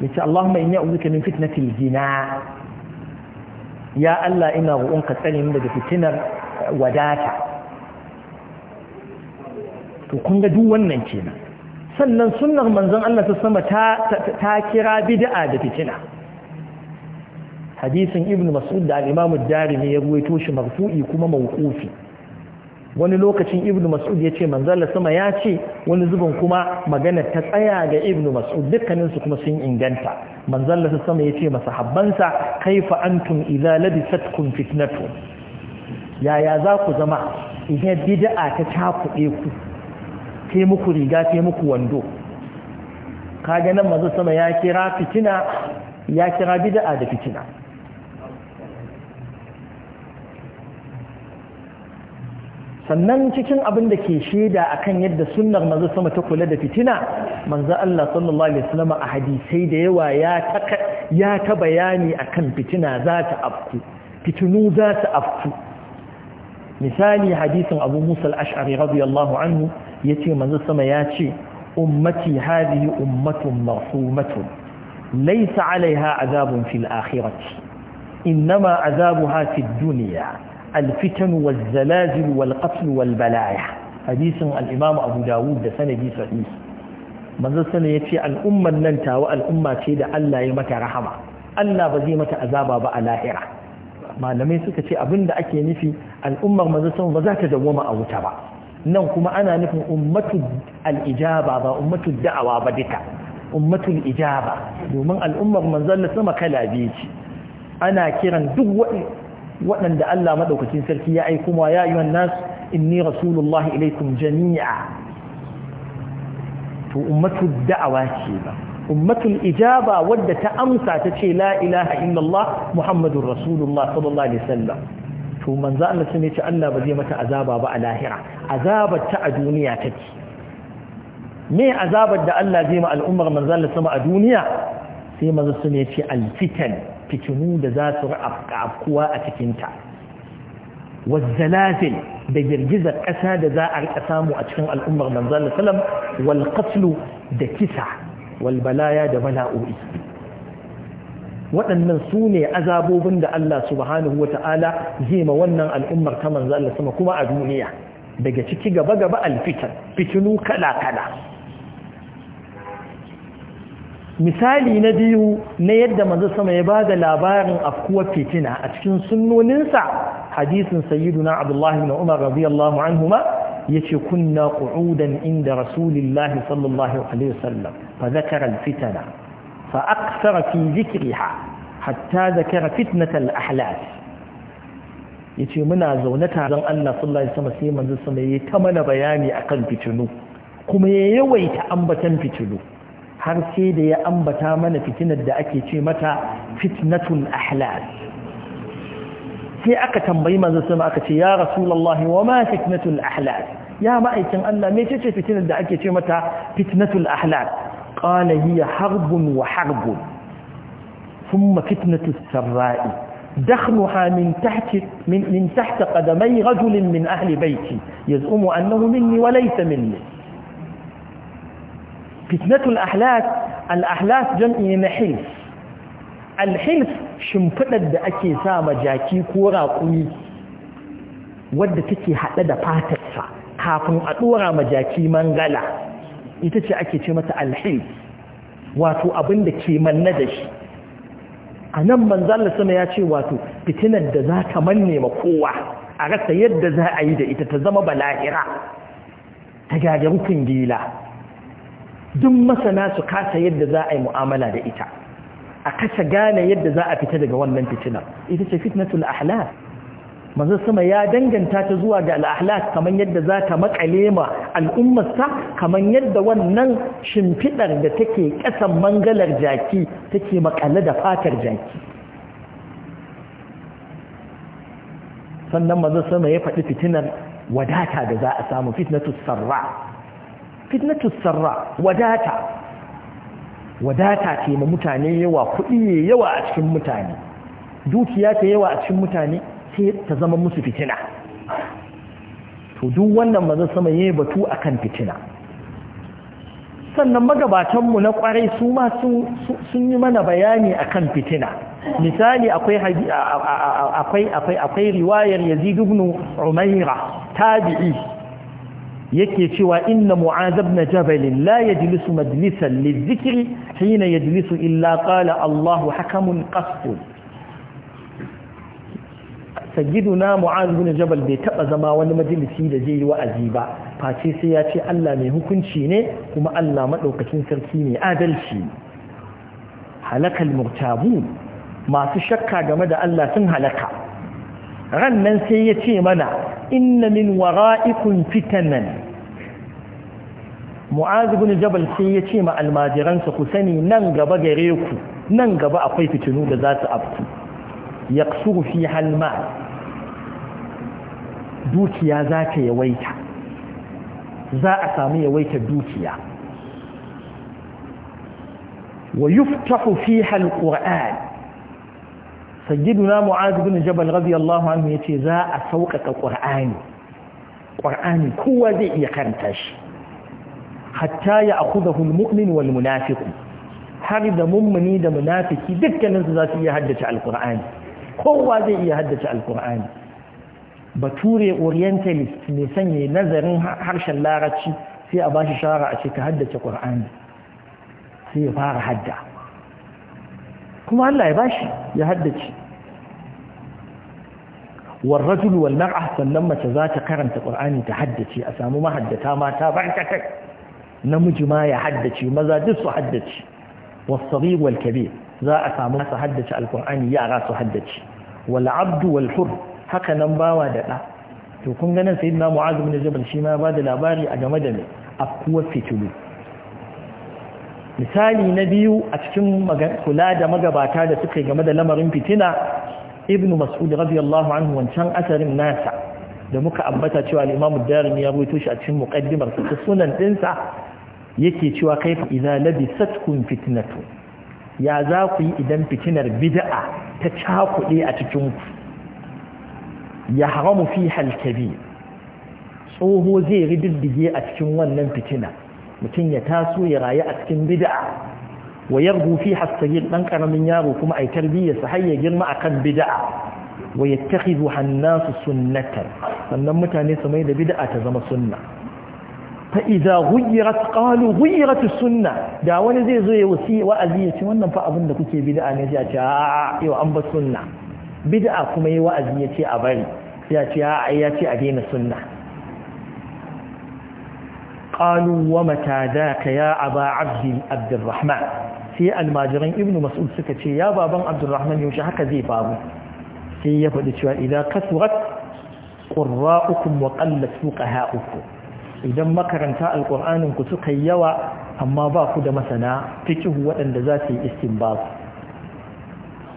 Speaker 1: yace Allahumma inni a'udhuka min fitnatil zina ya Allah ina roƙonka tsare min daga fitinar wadata to kun ga duk wannan kenan sannan sunnar manzon Allah ta sama ta ta kira bid'a da fitina hadisin ibnu mas'ud da al-imam ad-darimi ya ruwaito shi marfu'i kuma mawqufi wani lokacin ibn mas'ud ya ce manzala sama ya ce wani zubin kuma magana ta tsaya ga ibn mas'ud dukkaninsu kuma sun inganta manzala sama ya ce masahabbansa kaifa antum idza labisatkum fitnatu yaya za ku zama idan bid'a ta takuɗe ku Kai muku riga kai muku wando kaga nan manzala sama ya kira fitina ya kira bid'a da fitina sannan cikin abin da ke shaida akan yadda sunnar manzo sama ta kula da fitina manzo Allah sallallahu alaihi wasallam a hadisai da yawa ya ta ya ta bayani akan fitina za ta afku fitinu za ta afku misali hadisin Abu Musa al-Ash'ari radiyallahu anhu yace manzo sama ya ce ummati hadhihi ummatun marhumatun laysa alaiha azabun fil akhirati innama azabuha fid dunya الفتن والزلازل والقتل والبلايا حديث الإمام أبو داود ده سنة دي صحيح manzon sana ya ce al'ummar nan tawa al'umma ce da Allah ya mata rahama Allah ba zai mata azaba ba a lahira malamai suka ce abinda ake nufi al'ummar manzon sama ba za ta dawoma a wuta ba nan kuma ana nufin ummatu al'ijaba ba ummatu da'awa ba duka ummatu ijaba domin al'ummar manzon sama kala biyu ce ana kiran duk wani waɗanda Allah maɗaukacin sarki ya aiko ma ya ayyuhan nas inni rasulullah ilaikum jami'a to ummatu da'awa ce ba ummatul ijaba wadda ta amsa ta ce la ilaha illallah muhammadur rasulullah sallallahu alaihi wasallam to manzo Allah sun ce Allah ba zai mata azaba ba a lahira azabar ta a duniya take me azabar da Allah zai ma al'ummar manzo Allah sama a duniya sai manzo sun ce alfitan fitinu da za su afkuwa a cikinta والزلازل da girgizar ƙasa da za a riƙa samu a cikin al'ummar manzan salam wal da kisa wal balaya da bala'o'i waɗannan su ne azabobin da Allah subhanahu ta'ala zai ma wannan al'ummar ta manzan sama kuma a duniya daga ciki gaba gaba alfitan fitinu kala kala misali na biyu na yadda manzo sama ya bada labarin afkuwar fitina a cikin sunnoninsa hadisin sayyiduna abdullahi na umar radiyallahu anhuma yace kunna ku'udan inda rasulillahi sallallahu alaihi wasallam fa zakara fitana fa akthara fi dhikriha hatta zakara fitnat al-ahlas yace muna zaune taron Allah sallallahu alaihi wasallam sai manzo sama ta mana bayani akan fitinu kuma ya yawaita ambatan fitinu har sai da ya ambata mana fitinar da ake ce mata fitnatul ahlal sai aka tambayi manzo sai aka ce ya rasulullahi wa ma fitnatul ahlal ya ma'aikin Allah me ce fitinar da ake ce mata fitnatul ahlal qala hiya harbun wa harbun thumma fitnatus sarra'i min tahti min, min tahti qadamai قدمي min ahli bayti yaz'umu annahu minni wa laysa minni fitnatul ahlas al-ahlas jam'i na hils al-hils da ake sa ma jaki ko raƙumi wadda take haɗe da fatarsa kafin a ɗora ma jaki mangala ita ce ake ce mata al wato abin da ke manna da shi a nan manzala sama ya ce wato fitinar da za ta manne ma kowa a rasa yadda za a yi da ita ta zama bala'ira ta gagarukin gila duk masana su kasa yadda za a yi mu'amala da ita a kasa gane yadda za a fita daga wannan fitinar ita ce fitnatul ahlak manzo sama ya danganta ta zuwa ga ahlak kamar yadda za ta makale ma al'ummarsa kamar yadda wannan shimfidar da take kasan mangalar jaki take makale da fatar jaki sannan manzo sama ya faɗi fitinar wadata da za a samu fitnatus sarra fitnatu sarra wadata wadata ce ma mutane yawa kuɗi yawa a cikin mutane dukiya ta yawa a cikin mutane sai ta zama musu fitina to duk wannan maza sama yayi batu akan fitina sannan magabatanmu na kwarai su ma sun yi mana bayani akan fitina misali akwai akwai riwayar Yazid ibn Umaira tabi'i yake cewa inna mu'az ibn jabal la yajlisu majlisan lidhikri hina yajlisu illa qala Allah hakamun qasd sayyiduna mu'az ibn jabal bai taba zama wani majalisi da zai yi wa'azi ba face sai ya ce Allah mai hukunci ne kuma Allah madaukakin sarki mai adalci halakal murtabu masu shakka game da Allah sun halaka rannan sai ya ce mana inna min wara'ikun fitanan mu'az ibn jabal sai ya ce ma almajiransa ku sani nan gaba gare ku nan gaba akwai fitinu da za su afku yaqsuru fi halma dukiya za ta yawaita za a samu yawaitar dukiya wa yuftahu fiha alquran sayyiduna mu'az bin jabal radiyallahu anhu yace za a sauƙaƙa qur'ani qur'ani kowa zai iya karanta shi hatta ya akhudahu almu'min wal munafiq har da mummuni da munafiki dukkanin su za su iya haddace alqur'ani kowa zai iya haddace alqur'ani bature orientalist ne sanya nazarin harshen larabci sai a bashi shara a ce ka haddace qur'ani sai ya fara hadda kuma Allah ya bashi ya haddace والرجل والمرأة سنما تزات كرنت قرآني تحدثي أسامو ما حدثا ما تابعتك نمج ما يحدثي ماذا دس حدثي والصغير والكبير ذا أسامو تحدث القرآن يا راس حدثي والعبد والحر haka nan bawa da ɗa to kun ganin sayyidina mu'az bin jabal shi ma ba da labari a game da me akuwa fitilu misali na biyu a cikin kula da magabata da suka yi game da lamarin fitina Ibn mas'ud radiyallahu anhu wancan asarin nasa da muka ambata cewa al-imam ad-darimi ya rubuto shi a cikin muqaddimar sa sunan dinsa yake cewa kaifa idza kun fitnatu ya za ku yi idan fitinar bid'a ta cakuɗe a cikin ku ya haramu fi halkabi tsoho zai rididdige a cikin wannan fitina mutum ya taso ya rayu a cikin bid'a wa yarbu fi hasayil dan karamin yaro kuma ai tarbiyyarsa har ya girma akan bid'a wa yattakhidhu hannasu sunnatan sannan mutane su mai da bid'a ta zama sunna fa idza ghuyirat qalu sunna da wani zai zo ya wasi wa'azi ya ce wannan fa abin da kuke bid'a ne sai ce a'a yau an ba sunna bid'a kuma yi wa'azi ya ce a bari sai ce a'a ya ce a daina sunna qalu wa mata daka ya aba abdi sai almajiran ibnu mas'ud suka ce ya baban abdurrahman yaushe haka zai faru sai ya faɗi cewa idan kasurat qurra'ukum wa qallat fuqaha'ukum idan makaranta alqur'anin ku suka yawa amma ba ku da masana fiqh waɗanda za su yi istinbat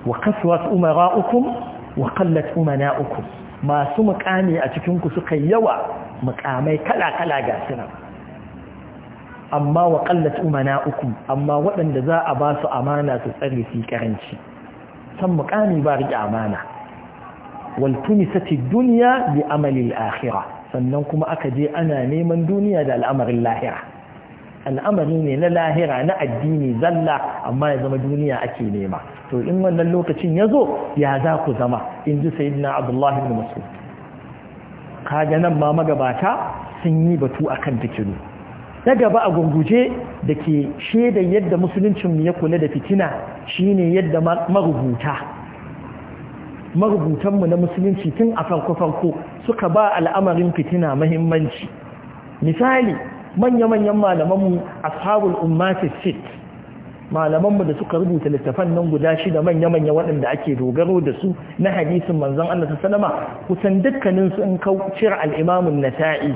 Speaker 1: wa kasurat umara'ukum wa qallat umana'ukum masu mukami a cikin ku suka yawa mukamai kala-kala ga sunan amma wa umana uku, amma waɗanda za a ba su amana su tsare su karanci san muƙami ba riƙe amana wal tunisati dunya bi amali al sannan kuma aka je ana neman duniya da al'amarin lahira al'amari ne na lahira na addini zalla amma ya zama duniya ake nema to in wannan lokacin ya zo ya za ku zama in ji sayidina Abdullahi ibn mas'ud kaga nan ma magabata sun yi batu akan fikiru na gaba a gunguje da ke shaidar yadda musuluncinmu ya kula da fitina shine yadda marubuta marubutanmu na musulunci tun a farko-farko suka ba al'amarin fitina mahimmanci misali manya-manyan malamanmu ashabul ummati sit malamanmu da suka rubuta littafan nan guda shida manya-manya waɗanda ake dogaro da su na hadisin manzon Allah sallama kusan dukkaninsu in kaucir al-imamun nasa'i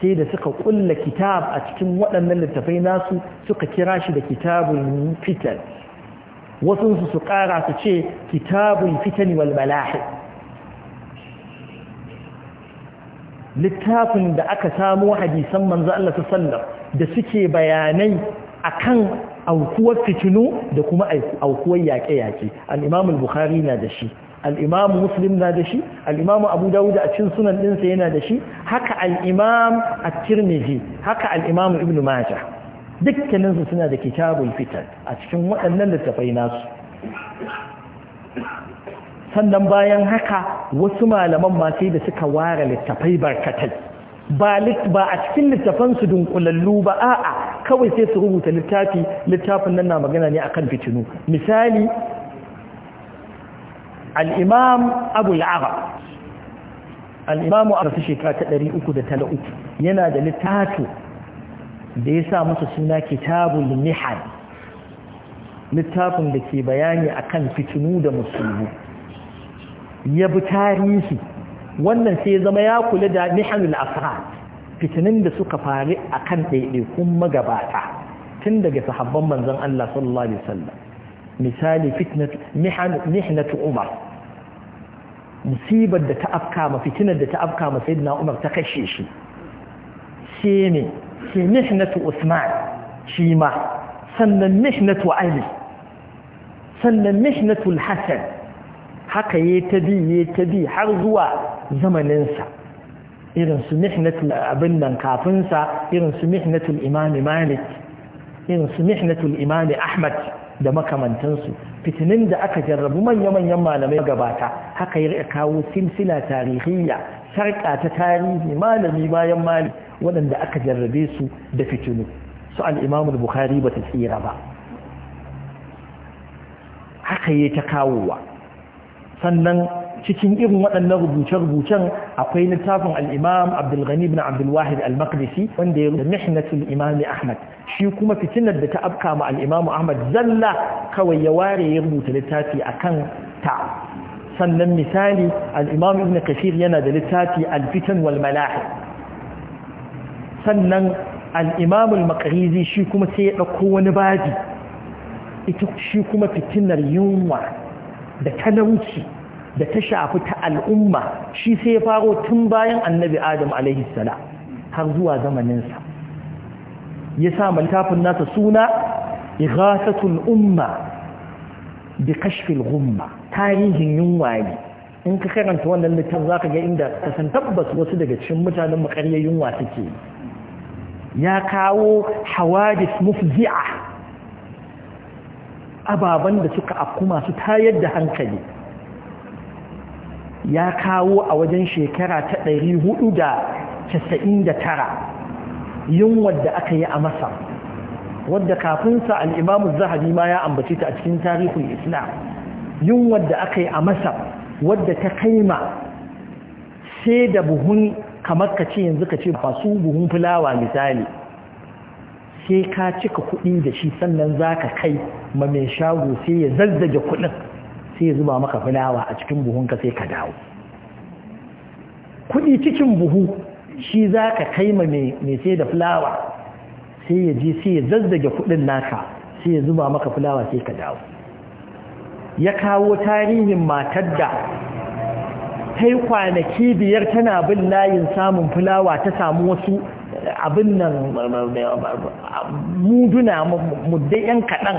Speaker 1: sai da suka kulla kitab a cikin waɗannan littafai nasu suka kira shi da kitabun fitan wasunsu su ƙara su ce kitabun fitan wal littafin da aka samo hadisan manzo Allah sallallahu da suke bayanai akan aukuwar fitinu da kuma aukuwar yaƙe-yaƙe al bukhari na da shi al’imamu muslim na da shi al’imamu abu dawud a cin sunan ɗinsa yana da shi haka al’imam a tirmidhi haka al’imamu ibn maja dukkaninsu suna da kitabul fitar a cikin waɗannan littafai nasu sannan bayan haka wasu malaman masu da suka ware littafai barkatai ba a cikin littafansu dunkulallu ba a'a kawai sai su rubuta littafi littafin nan na magana ne akan fitinu misali al'imam abu al'arab al'imamu a rasu shekara ta 303 yana da littafi da ya sa masa suna kitabul nihal littafin da ke bayani akan fitinu da musulmi ya bi tarihi wannan sai ya zama ya kula da nihalul asrat fitinin da suka faru akan ɗaiɗaikun magabata tun daga sahabban manzon Allah sallallahu alaihi wasallam misali fitnat umar musibar da ta afka ma fitinar da ta afka ma sayyidina Umar ta kashe shi sai ne mihnatu Usman shi ma sannan mihnatu Ali sannan mihnatu Hassan haka ya ta bi yayi ta bi har zuwa zamaninsa irin su mihnatul abin nan kafinsa irin su mihnatul imam Malik irin su mihnatul imam Ahmad da makamantansu fitinin da aka jarrabu manya-manyan malamai gabata haka ya kawo silsila tarihiyya sarƙa ta tarihi malami bayan mali waɗanda aka jarrabe su da fitinu su al'imamul bukhari ba ta tsira ba haka ya ta kawowa sannan cikin irin waɗannan rubuce-rubucen akwai littafin al'imam imam abdul ghani abdul wahid al-maqdisi wanda ya rufe mihnatul imam ahmad shi kuma fitinar da ta afka ma al ahmad zalla kawai ya ware ya rubuta littafi a kan ta sannan misali Al'imam ibn kashir yana da littafi al-fitan wal malahib sannan al-imam shi kuma sai ya dauko wani baji ita shi kuma fitinar yunwa da talauci da ta shafi ta al'umma shi sai ya faro tun bayan annabi adam alaihi har zuwa zamaninsa ya sa littafin nasa suna ighasatul umma bi kashfil umma tarihin yunwa ne in ka karanta wannan littafin zaka ga inda ka san tabbas wasu daga cikin mutanen makarya yunwa suke ya kawo hawadis mufzi'a ababan da suka afku masu tayar da hankali ya kawo a wajen shekara ta ɗari huɗu da aka yi a masar wadda kafinsa al'imamu zahari ma ya ambaci ta a cikin tarihin islam yin wadda aka yi a masar wadda ta kaima sai da buhun kamar ka ce yanzu ka ce basu buhun fulawa misali sai ka cika kuɗi da shi sannan za ka kai ma mai shago sai ya zazzage kuɗin sai zuba maka fulawa a cikin buhunka sai ka dawo kuɗi cikin buhu shi za ka kai ma mai sai da fulawa sai ya ji sai ya zazzage kuɗin naka sai ya zuba maka fulawa sai ka dawo ya kawo tarihin matar da ta yi kwanaki biyar tana bin layin samun fulawa ta samu wasu abin nan muduna muddai 'yan kaɗan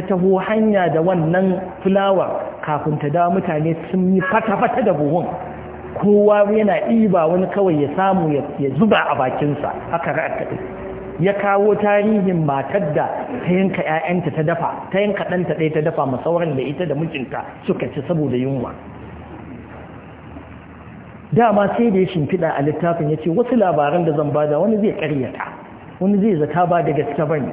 Speaker 1: ta taho hanya da wannan fulawa kafin ta dawo mutane sun yi fata-fata da buhun kowa yana i'ba wani kawai ya samu ya zuba a bakinsa haka ra'akaɗi ya kawo tarihin matar da ta yanka 'ya'yanta ta dafa ta yanka ɗanta ɗaya ta dafa masauran da ita da mijinta suka ci saboda yunwa dama sai da ya shimfiɗa a littafin ya ce wasu labaran da zan bada wani zai karyata wani zai zata ba da gaske bane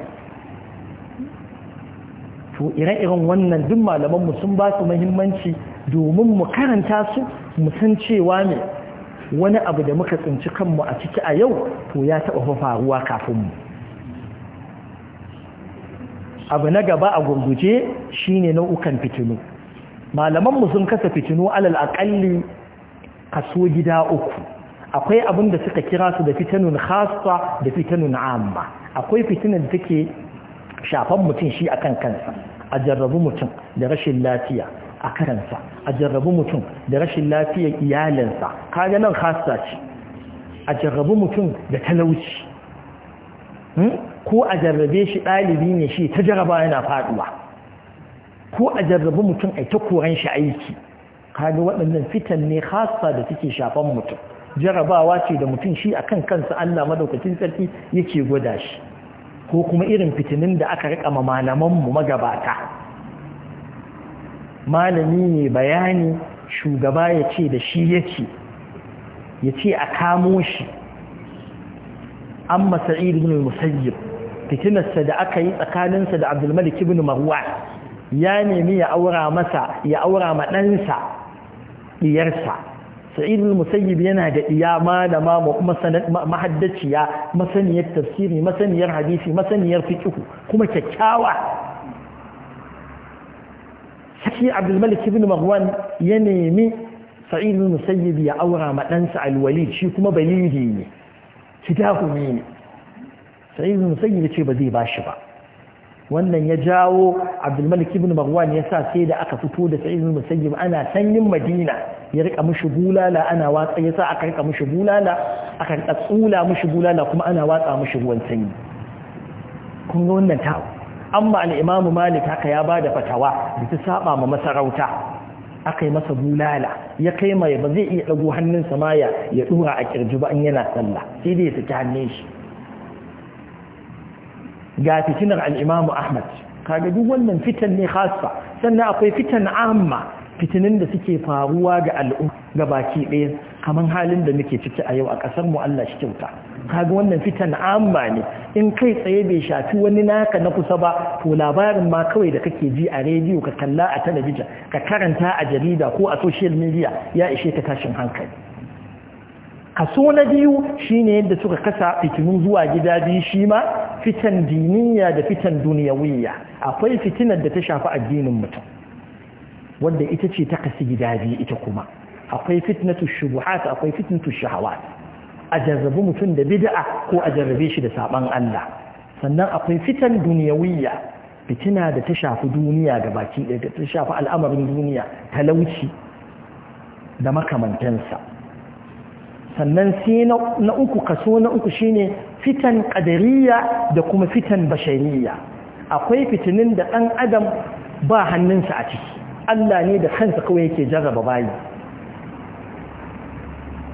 Speaker 1: to ire-iren wannan duk malamanmu sun ba su muhimmanci domin mu karanta su mu san cewa ne wani abu da muka tsinci kanmu a ciki a yau to ya taɓa faruwa kafin mu abu na gaba a gurguje shine nau'ukan fitinu malamanmu sun kasa fitinu alal aƙalli kaso gida uku akwai abin da suka kira su da fitanun khassa da fitanun amma akwai fitinan da take shafan mutum shi akan kansa a jarrabu mutum da rashin lafiya a kansa a jarrabu mutum da rashin lafiyar iyalinsa kaga nan hasa ce a jarrabu mutum da talauci hmm? ko a jarrabe shi ɗalibi ne shi ta jaraba yana faɗuwa ko a jarrabu mutum a ta koren shi aiki kaga waɗannan fitan ne hasa da suke shafan mutum jarabawa ce da mutum shi akan kansa Allah madaukakin sarki yake gwada shi ko kuma irin fitinin da aka riƙa ma malamanmu magabata malami ne bayani shugaba ya ce da shi ya ce ya ce a kamo shi an masa'id ibn musayyib fitinarsa da aka yi tsakaninsa da abdulmalik ibn marwan ya nemi ya aura masa ya aura ma ɗansa ɗiyarsa sa'id al-musayyib yana da iya malama mahaddaciya masaniyar tafsiri masaniyar hadisi masaniyar fiqh kuma kyakkyawa shi abdulmalik ibn marwan ya nemi ya aura ma ɗansa alwalid shi kuma balidi ne fidahumi ne sa'id ibn ya ce ba zai bashi ba wannan ya jawo abdulmalik ibn marwan ya sa sai da aka fito da sa'id ibn musayyib ana sanyin madina ya rika mushi bulala ana watsa ya sa aka rika mushi bulala aka tsula mushi bulala kuma ana watsa mushi ruwan sanyi kun ga wannan ta amma al-imam malik haka ya bada fatawa da ta saba ma masarauta aka yi masa bulala ya kai mai ba zai iya dago hannunsa ma ya dora a kirji ba in yana sallah sai dai ya saki hannun shi ga fitinar al'imamu ahmad kaga duk wannan fitan ne khasa sannan akwai fitan amma fitinin da suke faruwa ga al'umma ga baki ɗaya kamar halin da muke ciki a yau a ƙasar mu Allah shi kyauta kaga wannan fitan amma ne in kai tsaye bai shafi wani naka na kusa ba to labarin ma kawai da kake ji a rediyo ka kalla a talabijin ka karanta a jarida ko a social media ya ishe ta tashin hankali kaso na biyu shine yadda suka kasa fitinu zuwa gida biyu shi ma fitan diniya da fitan duniyawiyya akwai fitinar da ta shafi addinin mutum wadda ita ce ta kasi gida biyu ita kuma akwai fitnatu shubuhat akwai fitnatu shahawat a jarrabi mutum da bid'a ko a jarrabe shi da saban Allah sannan akwai fitan duniyawiyya fitina da ta shafi duniya ga baki da ta shafi al'amarin duniya talauci da makamantansa sannan sai na uku kaso na uku shine fitan kadariya da kuma fitan bashariya akwai fitinin da ɗan adam ba hannunsa a ciki Allah ne da kansa kawai yake jarraba bayi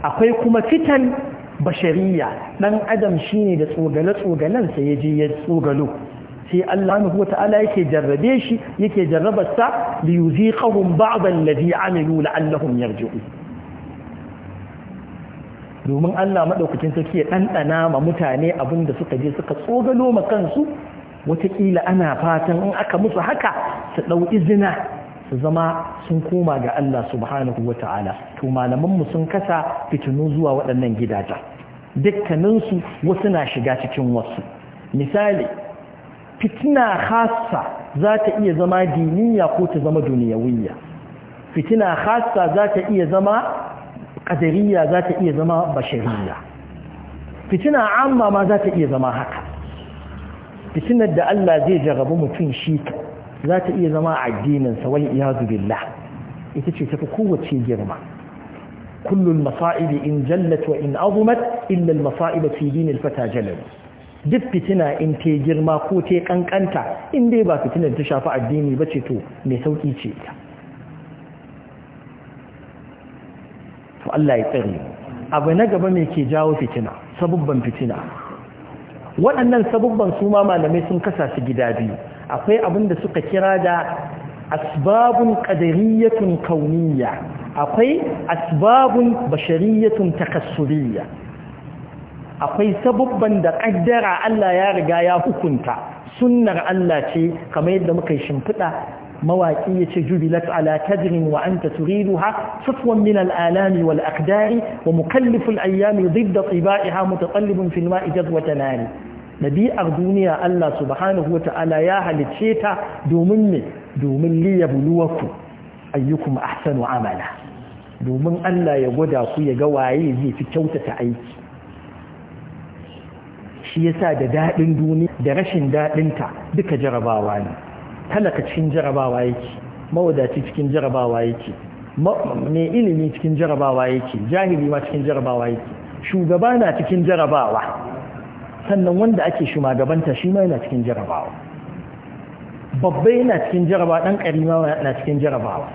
Speaker 1: akwai kuma fitan bashariya ɗan adam shine da tsogale-tsogalensa ya je ya tsogalo sai Allah kuma wata'ala yake jarrabe shi yake jarrabarsa da yuziƙahun ba'adar lafi amilu yarji'u domin Allah maɗaukacin sarki ya ɗanɗana ma mutane abin da suka je suka tsogalo ma kansu Wataƙila ana fatan in aka musu haka su ɗau izina su zama sun koma ga Allah subhanahu wa ta'ala to malamanmu sun kasa fitinu zuwa waɗannan gidaje dukkaninsu wasu na shiga cikin wasu misali fitina khassa za ta iya zama diniya ko ta zama duniyawiyya fitina khassa za ta iya zama ƙadariya za ta iya zama bashariya fitina amma ma za ta iya zama haka fitinar da Allah zai jarabi mutum shi za ta iya zama addininsa wani iyazu billah ita ce tafi kowace girma kullum masaibi in jallat wa in azumat illa al-masa'ib fi din fata jalal duk fitina in ta girma ko ta kankanta in dai ba fitinar ta shafi addini ba ce to mai sauki ce ta Allah ya tsare abu na gaba mai ke jawo fitina sabubban fitina waɗannan sabubban su ma malamai sun kasa su gida biyu akwai abin da suka kira da asbabun qadariyatun kauniyya akwai asbabun bashariyatun takassuriyya akwai sabubban da kaddara Allah ya riga ya hukunta sunnar Allah ce kamar yadda muka yi shimfiɗa mawaƙi ya ce jubilat ala kadrin wa anta turiduha sufwan min al'alami wal akdari wa mukalliful ayyami didda tibaiha mutatallibun fil ma'i jadwatan nari nabi'ar duniya Allah subhanahu wata'ala ya halice ta domin ne domin liyabluwaku ayyukum ahsanu amala domin Allah ya gwada ku ya ga waye zai fi kyautata aiki shi yasa da daɗin duniya da rashin daɗinta duka jarabawa ne talaka cikin jarabawa yake mawadaci cikin jarabawa yake mai ilimi cikin jarabawa yake jahili ma cikin jarabawa yake shugaba na cikin jarabawa sannan wanda ake shugabanta shi ma yana cikin jarabawa babba yana cikin jarabawa ɗan ƙarima yana cikin jarabawa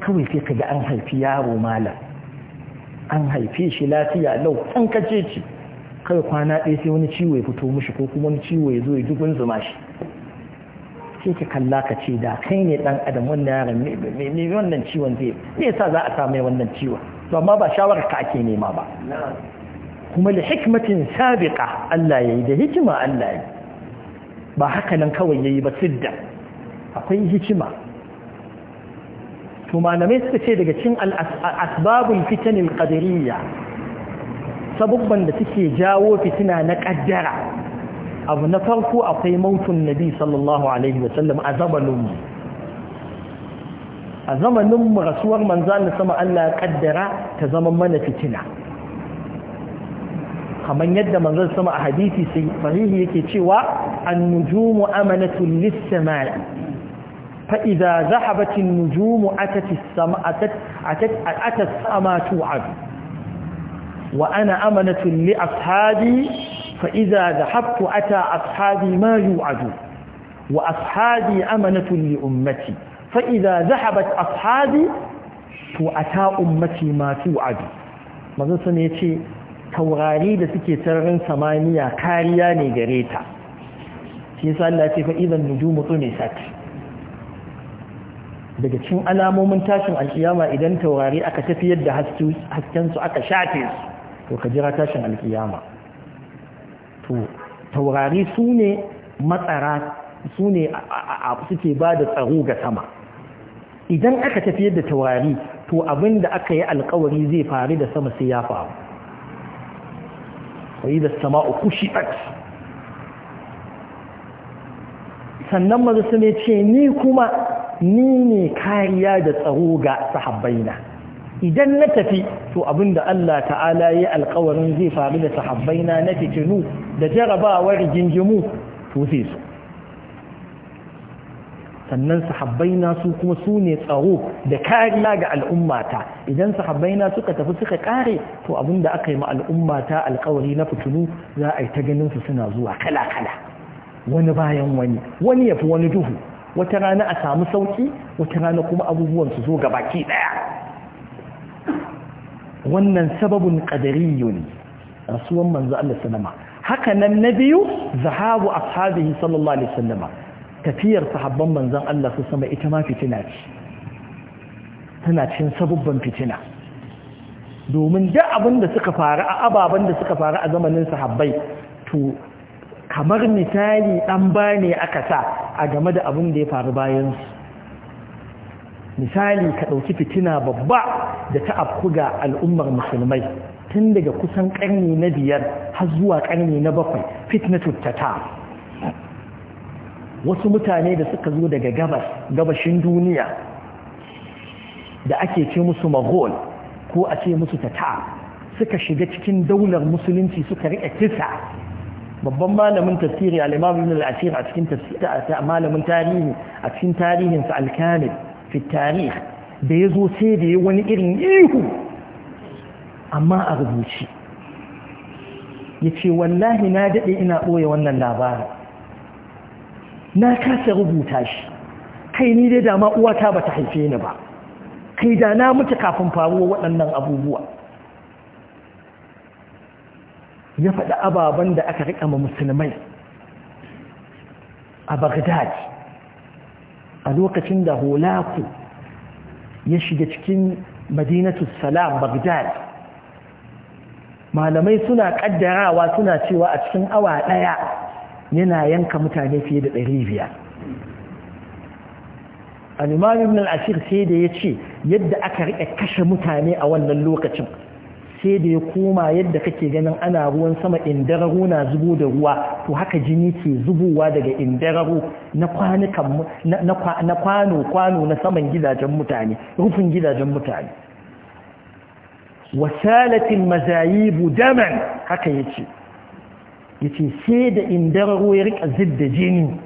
Speaker 1: kawai sai kaga an haifi yaro malam an haife shi lafiya lau an kace ce kai kwana ɗaya sai wani ciwo ya fito mishi ko kuma wani ciwo ya zo ya dubun zuma shi sai ka kalla ka ce da kai ne dan adam wannan yaron me wannan ciwon zai me yasa za a sa mai wannan ciwon to amma ba shawarar ka ake nema ba kuma da hikmatin sabiqa Allah yayi da hikima Allah yayi ba haka nan kawai yayi ba sidda akwai hikima to malamai suka ce daga cin al-asbabul fitanil qadariyya sabubban da suke jawo fitina na kaddara abu na farko akwai mautun nabi sallallahu alaihi wasallam a zamaninmu a zamaninmu rasuwar manzan sama Allah ya kaddara ta zama mana fitina kamar yadda manzan sama a hadithi sai sahihi yake cewa annujumu Nujumu lis-samai فإذا ذهبت النجوم Nujumu السماء أتت أتت أتت السماء توعد وأنا أمنة لأصحابي فإذا ذهبت أتى أصحابي ما يوعدون وأصحابي أمنة لأمتي فإذا ذهبت أصحابي masu adu. ما توعد ماذا سنيتي taurari da suke sararin samaniya kariya ne gare ta shi yasa Allah ce fa idan nujumu tunisat daga cikin alamomin tashin alƙiyama idan taurari aka tafiyar da hasken su aka shafe su to ka jira tashin alkiyama to taurari su ne matsara su ne suke ba da tsaro ga sama idan aka tafiyar da taurari to abin da aka yi alkawari zai faru da sama sai ya faru wai da sama uku shi sannan mazu su ne ce ni kuma ni ne kariya da tsaro ga sahabbaina idan na tafi to abinda Allah ta'ala ya alkawarin zai faru da sahabbaina na fitinu da jarabawar jinjimu to zai su sannan sahabbaina su kuma su ne tsaro da kariya ga al'ummata idan sahabbaina suka tafi suka kare to abinda aka yi ma al'ummata alkawari na fitinu za a yi ta ganin su suna zuwa kala kala wani bayan wani wani ya fi wani duhu wata rana a samu sauki wata rana kuma abubuwan su zo gabaki daya wannan sababun qadariyun rasuwan manzo Allah sallama haka nan na biyu zahabu ashabihi sallallahu alaihi wasallama tafiyar sahabban manzon Allah su sama ita ma fitina ce tana cin sabubban fitina domin duk abin da suka faru a ababen da suka faru a zamanin sahabbai to kamar misali dan bane aka sa a game da abin da ya faru bayansu. misali ka ɗauki fitina babba da ta afku al'ummar musulmai tun daga kusan ƙarni na biyar har zuwa ƙarni na bakwai fitnatut tatar wasu mutane da suka zo daga gabas gabashin duniya da ake ce musu maghol ko a ce musu tatar suka shiga cikin daular musulunci suka riƙe kisa babban malamin tafsiri al ibn a cikin tafsiri malamin tarihi a cikin tarihinsa al fi da ya zo sai da ya wani irin ihu amma a rubuci ya ce wallahi na daɗe ina ɓoye wannan labarin na kasa rubuta shi kai ni dai dama uwata ba ta haife ni ba kai da na mutu kafin faruwa waɗannan abubuwa ya faɗi ababen da aka riƙa ma musulmai a bagdad a lokacin da hulaku ya shiga cikin madinatu salam bagdad malamai suna kaddarawa suna cewa a cikin awa daya yana yanka mutane fiye da 500 al-imam ibn al-ashir sai da ya ce yadda aka rike kashe mutane a wannan lokacin sai da ya koma yadda kake ganin ana ruwan sama indararu na zubo da ruwa to haka jini ke zubowa daga indararu na kwano-kwano na saman gidajen mutane rufin gidajen mutane wasalatin mazayibu daman haka ya ce ya ce sai da indararu ya rika zidda jini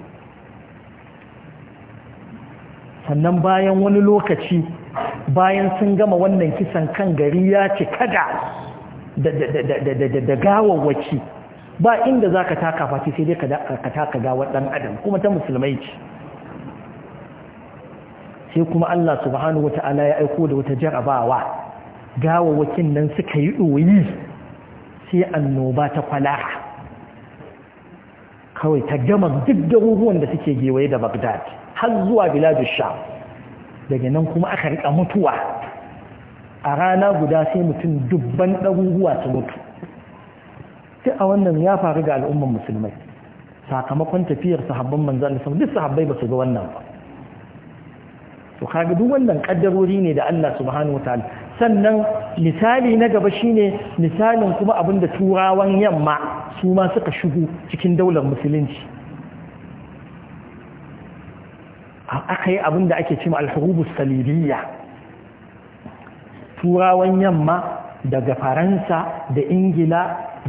Speaker 1: sannan bayan wani lokaci bayan sun gama wannan kisan kan gari ya ce kada da gawawwaci ba inda za ka taka fati sai dai ka taka gawar ɗan adam kuma ta musulmai ce sai kuma Allah subhanahu Taala ya aiko da wata jarabawa gawawwakin nan suka yi ɗoyi sai annoba ta kwala kawai ta gama duk da ruhuwan da suke gewaye da Bagdad har zuwa biladu Sham daga nan kuma aka rika mutuwa a rana guda sai mutum dubban ɗaruruwa su mutu sai a wannan ya faru ga al'umman musulmai sakamakon tafiyar sahabban manzan da duk sahabbai ba su ga wannan ba su kaga duk wannan ƙaddarori ne da Allah subhanahu wataala sannan misali na gaba shine misalin kuma abinda turawan yamma su ma suka shigo cikin daular musulunci aka yi abin da ake cima alhurubus salibiya turawan yamma daga faransa da ingila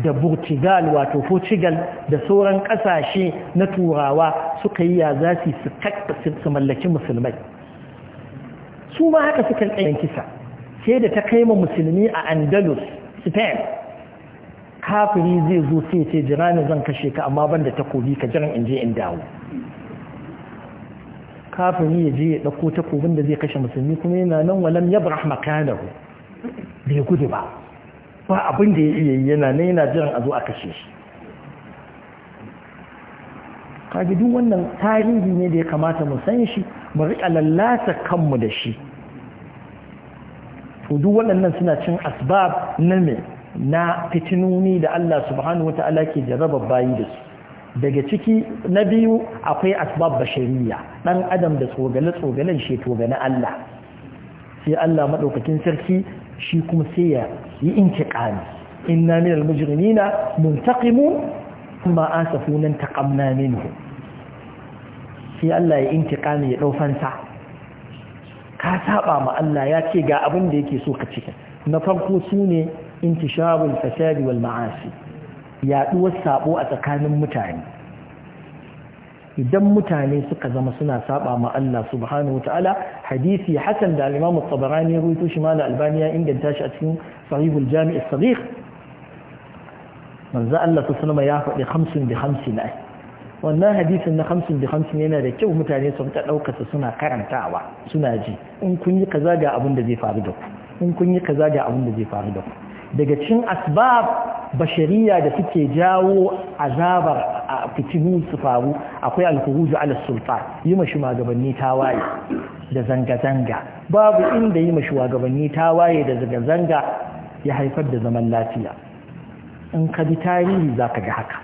Speaker 1: da portugal wato portugal da sauran kasashe na turawa suka yi ya za su su mallaki musulmai su ma haka suka tsayin kisa sai da ta kai ma musulmi a andalus spain kafiri zai zo sai ce jira ni zan kashe ka amma ban da takobi ka jiran in je in dawo kafin ya je ya ɗauko takobin da zai kashe musulmi kuma yana nan walam ya bar makanahu bai gudu ba ba abin da ya iya yi yana nan yana jiran a zo a kashe shi kaji duk wannan tarihi ne da ya kamata mu san shi mu riƙa lallata kanmu da shi to duk waɗannan suna cin asbab na me na fitinuni da Allah subhanahu wata'ala ke jarraba bayi da su daga ciki na biyu akwai asbab bashariya dan adam da tsogale tsogalen shi na Allah sai Allah maɗaukakin sarki shi kuma sai ya yi intiqami inna minal mujrimina muntaqimun amma asafuna taqamna minhu sai Allah ya intiqami ya ɗau fansa ka saba ma Allah ya ce ga abin da yake so ka cika na farko sune intisharul fasari wal ma'asi yaduwar sabo a tsakanin mutane idan mutane suka zama suna saba ma Allah subhanahu ta'ala hadisi hasan da al-Imam at ya ruwaito shi malam Albani ya inganta shi a cikin Sahihul Jami' as-Saghir manzo Allah sallallahu ya faɗi khamsin bi khamsin ai wannan hadisin na khamsin bi khamsin yana da kyau mutane su rika daukar suna karantawa suna ji in kun yi kaza ga abin da zai faru da ku in kun yi kaza ga abin da zai faru da ku daga cin asbab bashariya da suke jawo azabar a fitinu su faru akwai alkuhuzu ala sulfa yi ma ta tawaye da zanga-zanga babu inda yi ma shugabanni tawaye da zanga-zanga ya haifar da zaman lafiya in ka bi tarihi za ka ga haka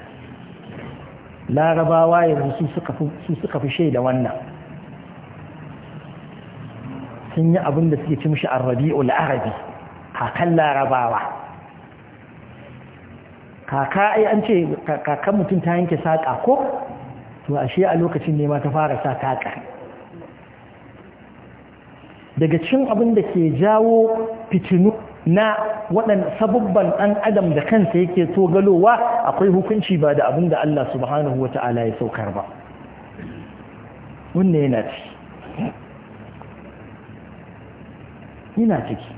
Speaker 1: larabawa yanzu su suka fi shaida wannan sun yi abinda da suke ci mishi arrabi'ul arabi kakan larabawa kaka ai an ce kakan mutum ta yanke saƙa ko to ashe a lokacin nema ta fara sa saƙa daga cin abin da ke jawo fitinu na waɗanda sabubban ɗan adam da kansa yake galowa akwai hukunci ba da abin da Allah subhanahu wa ta'ala ya saukar ba wannan yana ci, ina ciki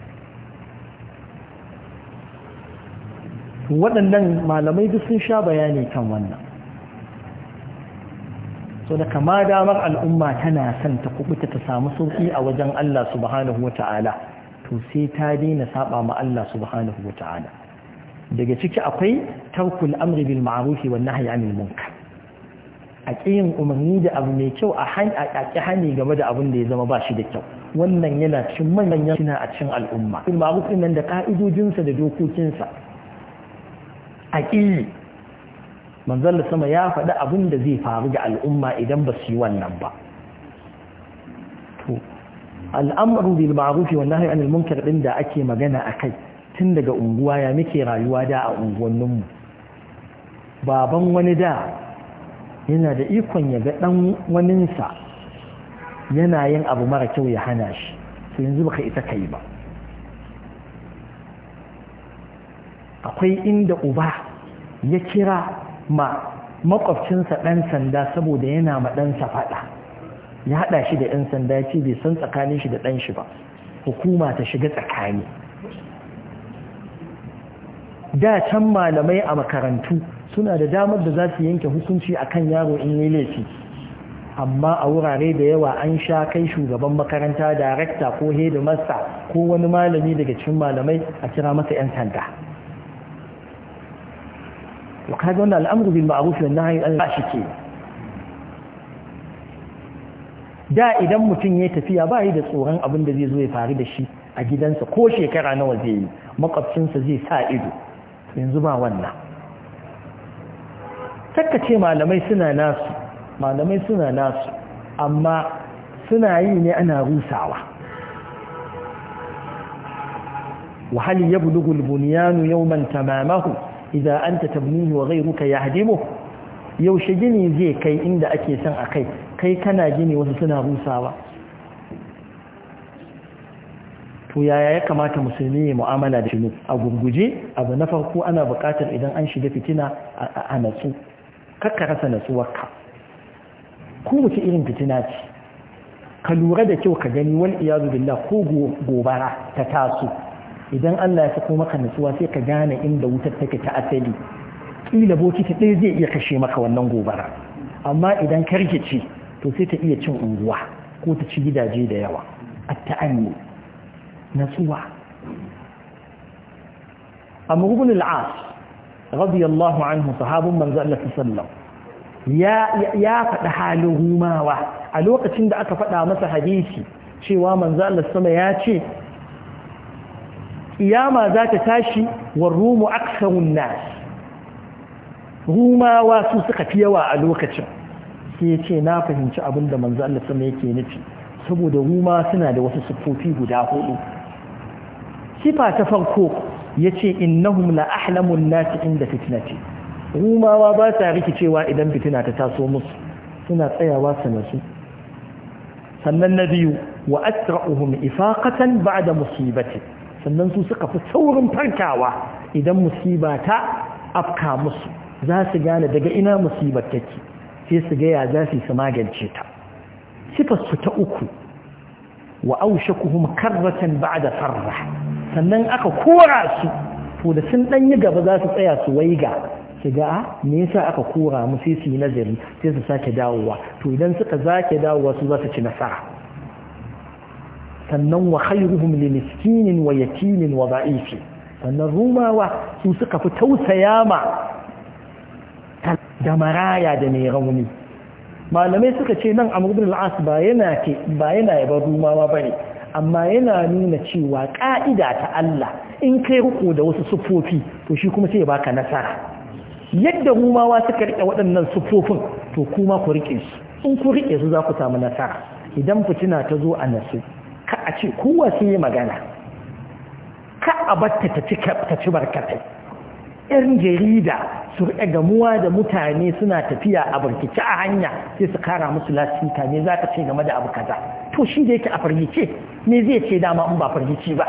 Speaker 1: waɗannan malamai duk sun sha bayani kan wannan so da kama damar al'umma tana son ta kubuta ta samu sauki a wajen Allah subhanahu wa ta'ala to sai ta daina saba ma Allah subhanahu wa ta'ala daga ciki akwai tawkul amri bil ma'ruf wa nahyi anil munkar a kiyin umarni da abu mai kyau a ƙi hani game da abin da ya zama ba shi da kyau wannan yana cikin manyan suna a cikin al'umma bil ma'ruf nan da ka'idojinsa da dokokinsa manzan da sama ya faɗi abin da zai faru ga al'umma idan ba su yi wannan ba to bil ma'ruf wa nahyi anil munkar din da ake magana a kai tun daga unguwa ya muke rayuwa da a unguwannin mu baban wani da yana da ikon ya ga dan waninsa yana yin abu mara kyau ya hana shi to yanzu baka ita kai ba akwai inda uba ya kira ma makwabcinsa ɗan sanda saboda yana ma ɗansa faɗa ya haɗa shi da ɗan sanda ya ce bai san tsakanin shi da ɗan shi ba hukuma ta shiga tsakani da can malamai a makarantu suna da damar da za su yanke hukunci a kan yaro in yi laifi amma a wurare da yawa an sha kai shugaban makaranta darakta ko hedimasta ko wani malami daga cikin malamai a kira masa 'yan sanda to kaga wannan al'amru bil ma'ruf wa da idan mutum ya tafiya ba yi da tsoron abin da zai zo ya faru da shi a gidansa ko shekara nawa zai yi makwabcinsa zai sa ido yanzu ba wannan Takkace malamai suna nasu malamai suna nasu amma suna yi ne ana rusawa wahali ya bulugul buniyanu yawman tamamahu an anta tabnihi wa ghayruka yahdimu yaushe gini zai kai inda ake son a kai kai kana gini wasu suna rusawa to yaya ya kamata musulmi ya mu'amala da shinu a gurguje abu na farko ana buƙatar idan an shiga fitina a natsu kakka rasa natsuwarka ko wace irin fitina ce ka lura da kyau ka gani wal iyazu billah ko gobara ta taso idan Allah ya sako maka nutsuwa sai ka gane inda wutar take ta asali kila bokiti ɗaya zai iya kashe maka wannan gobara amma idan ci to sai ta iya cin unguwa ko ta ci gidaje da yawa at-ta'anni natsuwa amr ibn al-as radiyallahu anhu sahabun manzo Allah sallallahu ya ya faɗa halin rumawa a lokacin da aka faɗa masa hadisi cewa manzo Allah sama ya ce kiyama za ta tashi wa rumu aksarun nas rumawa su suka fi yawa a lokacin sai ce na fahimci abin da manzo Allah sama yake nufi saboda ruma suna da wasu siffofi guda hudu sifa ta farko yace innahum la ahlamun nas inda fitnati rumawa ba sa rikicewa idan fitina ta taso musu suna tsayawa sanasu sannan na biyu wa asra'uhum ifaqatan ba'da musibati sannan su suka fi saurin farkawa idan musiba ta afka musu za su gane daga ina musibar take sai su gaya za su yi su magance ta sifarsu ta uku wa aushakuhum karratan da farra sannan aka kora su to da sun ɗanyi gaba za su tsaya su waiga su ga ah, me yasa aka kora mu sai su yi nazari sai su sake dawowa to idan suka zake dawowa su za su ci nasara sannan wa khairuhum li miskinin wa yatimin wa da'ifi sannan rumawa su suka fi tausaya ma da maraya da mai rauni malamai suka ce nan a ibn al ba yana ke ba yana yaba rumawa bane amma yana nuna cewa ka'ida ta Allah in kai ruku da wasu sufofi to shi kuma sai ya baka nasara yadda rumawa suka rike waɗannan sufofin to kuma ku rike su in ku rike su za ku samu nasara idan fitina ta zo a nasu ka a ce kowa sun yi magana ka a batta ta ci barkatai yan jarida su riƙe gamuwa da mutane suna tafiya a barkici a hanya sai su kara musu lasita me za ka ce game da abu kaza to shi da yake a fargice ne zai ce dama in ba fargici ba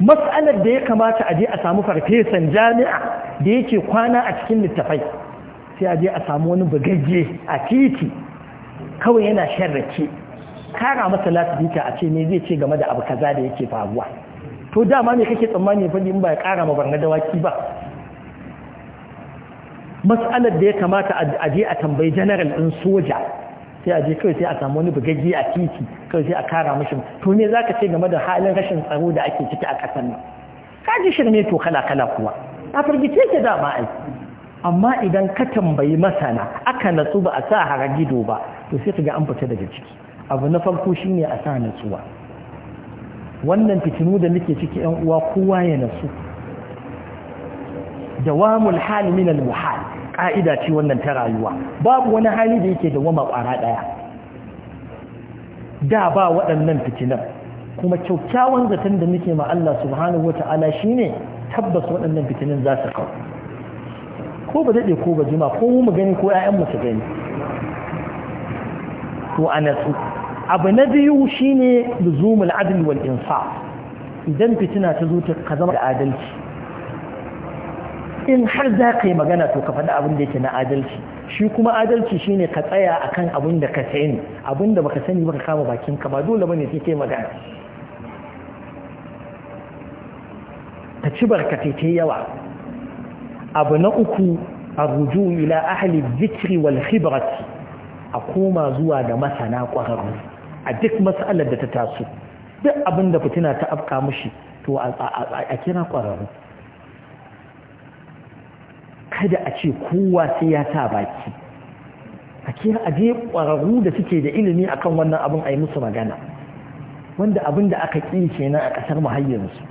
Speaker 1: matsalar da ya kamata a je a samu farfesan jami'a da yake kwana a cikin littafai sai a je a samu wani bugagge a titi kawai yana shan rake kara masa lasifika a ce me zai ce game da abu kaza da yake faruwa to dama me kake tsammani fadi in ba ya kara ma barna waki ba matsalar da ya kamata a je a tambayi general din soja sai a je kawai sai a samu wani bugaggi a titi kawai sai a kara mashi to me zaka ce game da halin rashin tsaro da ake ciki a kasan nan ji shirme to kala kala kuwa a firgice ke dama ai amma idan ka tambayi masana aka natsu ba a sa gido ba to sai kaga an fita daga ciki abu na farko shine a sa natsuwa wannan fitinu da nake ciki yan uwa kowa ya nasu dawamul hal min al muhal ka'ida ce wannan ta rayuwa babu wani hali da yake da wama kwara daya da ba waɗannan fitinan kuma kyakkyawan zaton da muke ma Allah subhanahu wata'ala shine tabbas waɗannan fitinin za su kawo ko ba daɗe ko ba jima ko mu gani ko 'ya'yan mu su gani to a natsu abu na biyu shine luzumul adl wal insaf idan fitina ta zo ka zama da adalci in har za ka yi magana to ka faɗi abin da yake na adalci shi kuma adalci shine ka tsaya akan abin da ka sani abin da baka sani baka kama bakin ka ba dole ne sai kai magana ta ci barka ta yawa abu na uku a ruju ila ahli zikri wal khibrati a koma zuwa da masana ƙwararru a duk matsalar da ta taso duk abin da fitina ta afka mushi to a kira ƙwararru kada a ce kowa sai ya sa baki a kira a je ƙwararru da suke da ilimi akan wannan abin a yi musu magana wanda abin da aka ƙi kenan a ƙasar muhayyarsu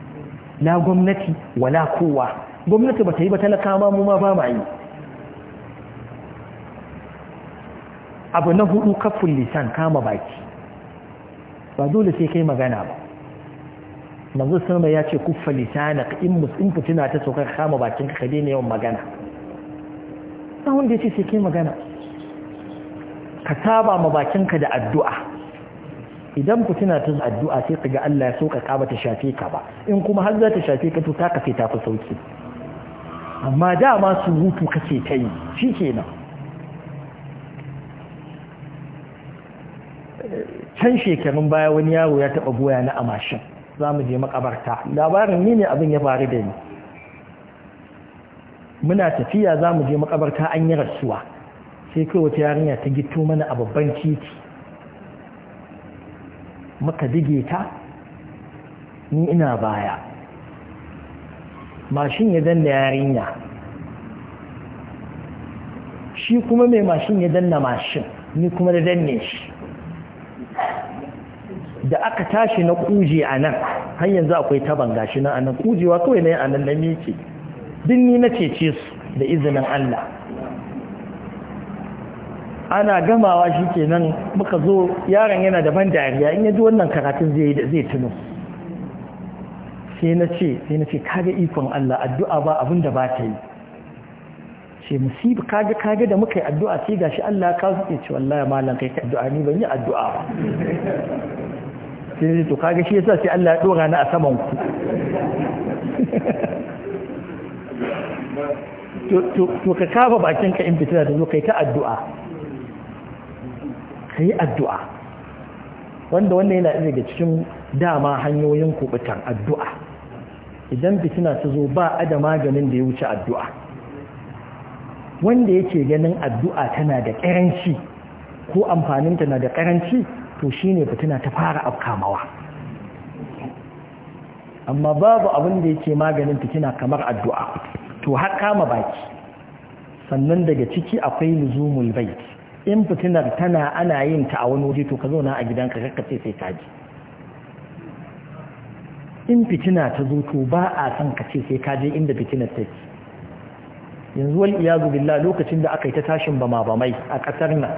Speaker 1: na gwamnati wala kowa gwamnati ba ta yi ba talaka ma mu ma ba ma yi abu na hudu kafin lisan kama baki ba dole sai kai magana ba manzo sunan ya ce kuffa lisanak in musin fitina ta sauka kama bakin ka daina yawan magana sai wanda yace sai kai magana ka saba ma bakin ka da addu'a idan fitina ta addu'a sai kaga Allah ya sauka ka ba ta shafe ka ba in kuma har za ta shafe ka to ta kafe ta fi sauki amma dama hutu kace ta yi shikenan can shekarun baya wani yaro ya taba goya na a mashin za mu je makabarta labarin ni ne abin ya faru da ni muna tafiya za mu je makabarta an yi rasuwa sai kai wata yarinya ta gito mana a babban titi maka dige ta ni ina baya mashin ya danna yarinya shi kuma mai mashin ya danna mashin ni kuma da danne shi da aka tashi na kuje a nan har yanzu akwai taban gashi na nan kujewa kawai na a nan na miƙe duk ni na cece su da izinin Allah ana gamawa shi kenan muka zo yaron yana da ban dariya in ya ji wannan karatun zai tuno sai na ce sai na ce kaga ikon Allah addu'a ba abin da ba ta yi ce musibi kaga kaga da muka yi addu'a sai gashi Allah kawo suke ce wallahi malam kai addu'a ni ban yi addu'a ba sai to kaga shi yasa sai Allah ya dora ni a saman ku [LAUGHS] to ka kafa bakin ka in fitina ta zo kai ta addu'a kai addu'a wanda wannan yana daga cikin dama hanyoyin kubutan addu'a idan fitina ta zo ba a da maganin da ya wuce addu'a wanda yake ganin addu'a tana da ƙaranci ko amfaninta na da ƙaranci to shine fitina ta fara afkamawa amma babu abin da yake maganin fitina kamar addu'a to har kama baki sannan daga ciki akwai nuzumul bait in fitinar tana ana yin ta a wani wuri to ka zauna a gidanka ka ce sai ji in fitina ta zo to ba a san ka ce sai kaje inda fitinar take yanzu wal iyazu billah lokacin da aka yi ta tashin bama a ƙasar nan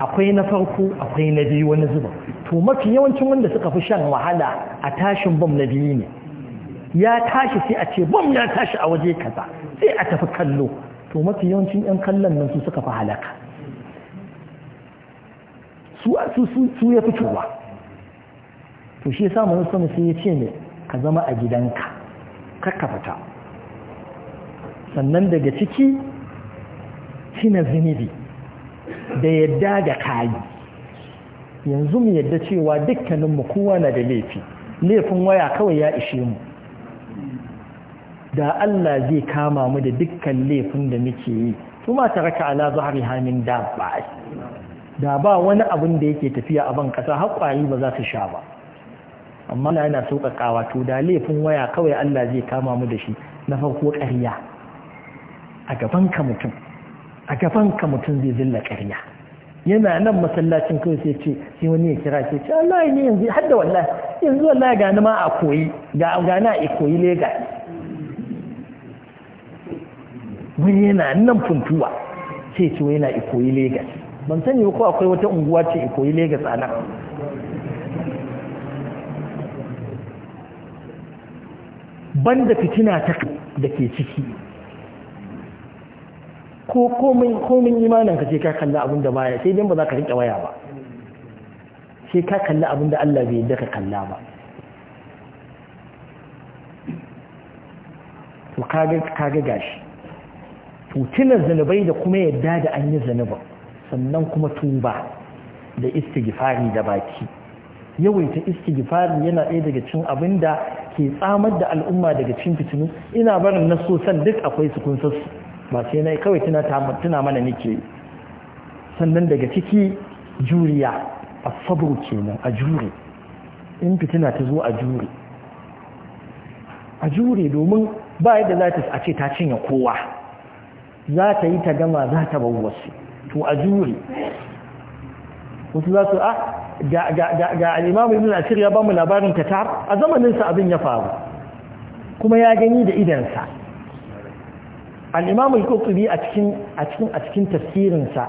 Speaker 1: akwai na farko akwai na biyu wani zuba to mafi yawancin wanda suka fi shan wahala a tashin bam na biyu ne ya tashi sai a ce bam ya tashi a waje kaza sai a tafi kallo to mafi yawancin 'yan kallon nan su suka fi halaka su su ya fitowa to shi ya mun sani sai ya ce ne ka zama a gidanka ka fita sannan daga ciki cina zunubi da yadda da kayi yanzu mu yadda cewa dukkaninmu kowa na da laifi laifin waya kawai ya ishe mu da Allah zai kama mu da dukkan laifin da muke yi kuma ta raka ala zahari hamin ba. da ba wani abin da yake tafiya a ban kasa haƙwayi ba za su sha ba amma na yana sauƙaƙawa to da laifin waya kawai Allah zai kama mu da shi na farko ƙarya a gaban ka mutum a gaban ka mutum zai zilla ƙarya yana nan masallacin kawai sai ce shi wani ya kira ke ce Allah ne yanzu har da wallahi yanzu wallahi ga ma a koyi ga na a koyi lega wani yana nan funtuwa sai ce yana a koyi Legas ban sani ko akwai wata unguwa ce a koyi Legas a nan banda fitina ta da ke ciki ko komin imanin ka ce ka kalli abin da baya sai ba za ka riƙe waya ba sai ka kalli abin da Allah bai yadda ka kalla ba to kaga ga gashi to tunan zanubai da kuma yadda da an yi zanuba sannan kuma tuba da istighfari da baki yawaita istighfari yana ɗaya daga cin abin da ke tsamar da al'umma daga cin fitinu ina barin na sosan duk akwai su kun sassu ba sai na kawai tuna mana nike sannan daga ciki juriya a sabru kenan a jure in fitina ta zo a jure a jure domin ba yadda za ta a ce ta cinye kowa za ta yi ta gama za ta bau wasu to a jure wasu za su a ah, ga al'imamu ibn asir ya ba mu labarin ta a zamaninsa abin ya faru kuma ya gani da idansa al-imam al a cikin a cikin a cikin tafsirin sa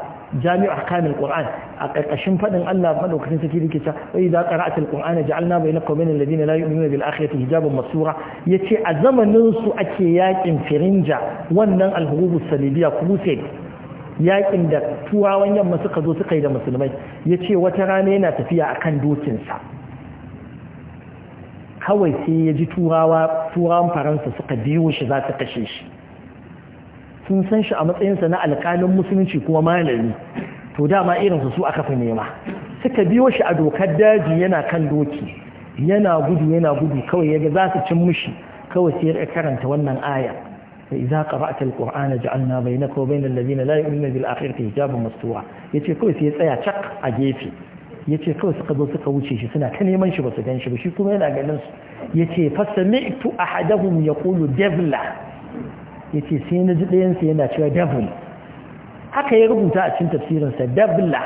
Speaker 1: jami'u ahkam al-qur'an a karkashin fadin Allah madaukakin sarki yake cewa wa idza qara'ta al na ja'alna bainaka wa bainal ladina la yu'minuna bil akhirati hijaban masura yace a zamaninsu su ake yakin firinja wannan al-hurub as crusade da turawan yamma suka zo suka yi da musulmai ya ce wata rana yana tafiya akan dokinsa kawai sai ya ji turawa turawan faransa suka biyo shi za su kashe shi sun san shi a matsayinsa na alƙalin musulunci kuma malami to dama irinsu su aka fi nema suka biyo shi a dokar daji yana kan doki yana gudu yana gudu kawai yaga za su cin mushi kawai sai ya karanta wannan aya fa idza qara'ta alqur'ana ja'alna bainaka wa bainal ladina la yu'minuna bil akhirati hijaban mastura yace kawai sai ya tsaya cak a gefe yace kawai suka zo suka wuce shi suna ta neman shi ba su gan shi ba shi kuma yana ganin su yace fasami'tu ahadahum yaqulu devla ya ce sai na ji ɗayansa yana cewa devil haka ya rubuta a cikin tafsirinsa dabla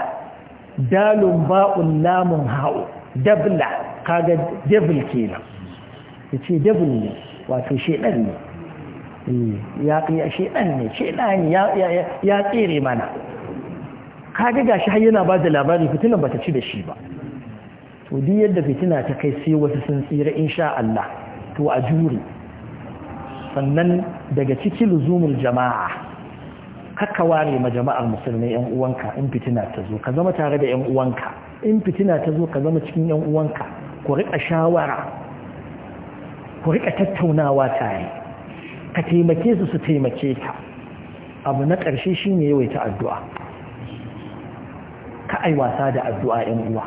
Speaker 1: dalun ba'un lamun ha'u dabla kaga devil kenan ya ce devil ne wato shaidan eh, ne ya shaidan ne shaidan ya tsere mana kaga gashi har yana ba da labari ba bata ci da shi ba to duk yadda fitina ta kai sai wasu sun tsira insha Allah to a jure sannan daga ciki luzumul jama'a kakka ware ma jama'ar musulmi yan uwanka in fitina ta zo ka zama tare da yan uwanka in fitina ta zo ka zama cikin yan uwanka ku rika shawara ku rika tattaunawa tare ka taimake su su taimake ka abu na ƙarshe shi shine yawaita addu'a ka ai wasa da addu'a yan uwa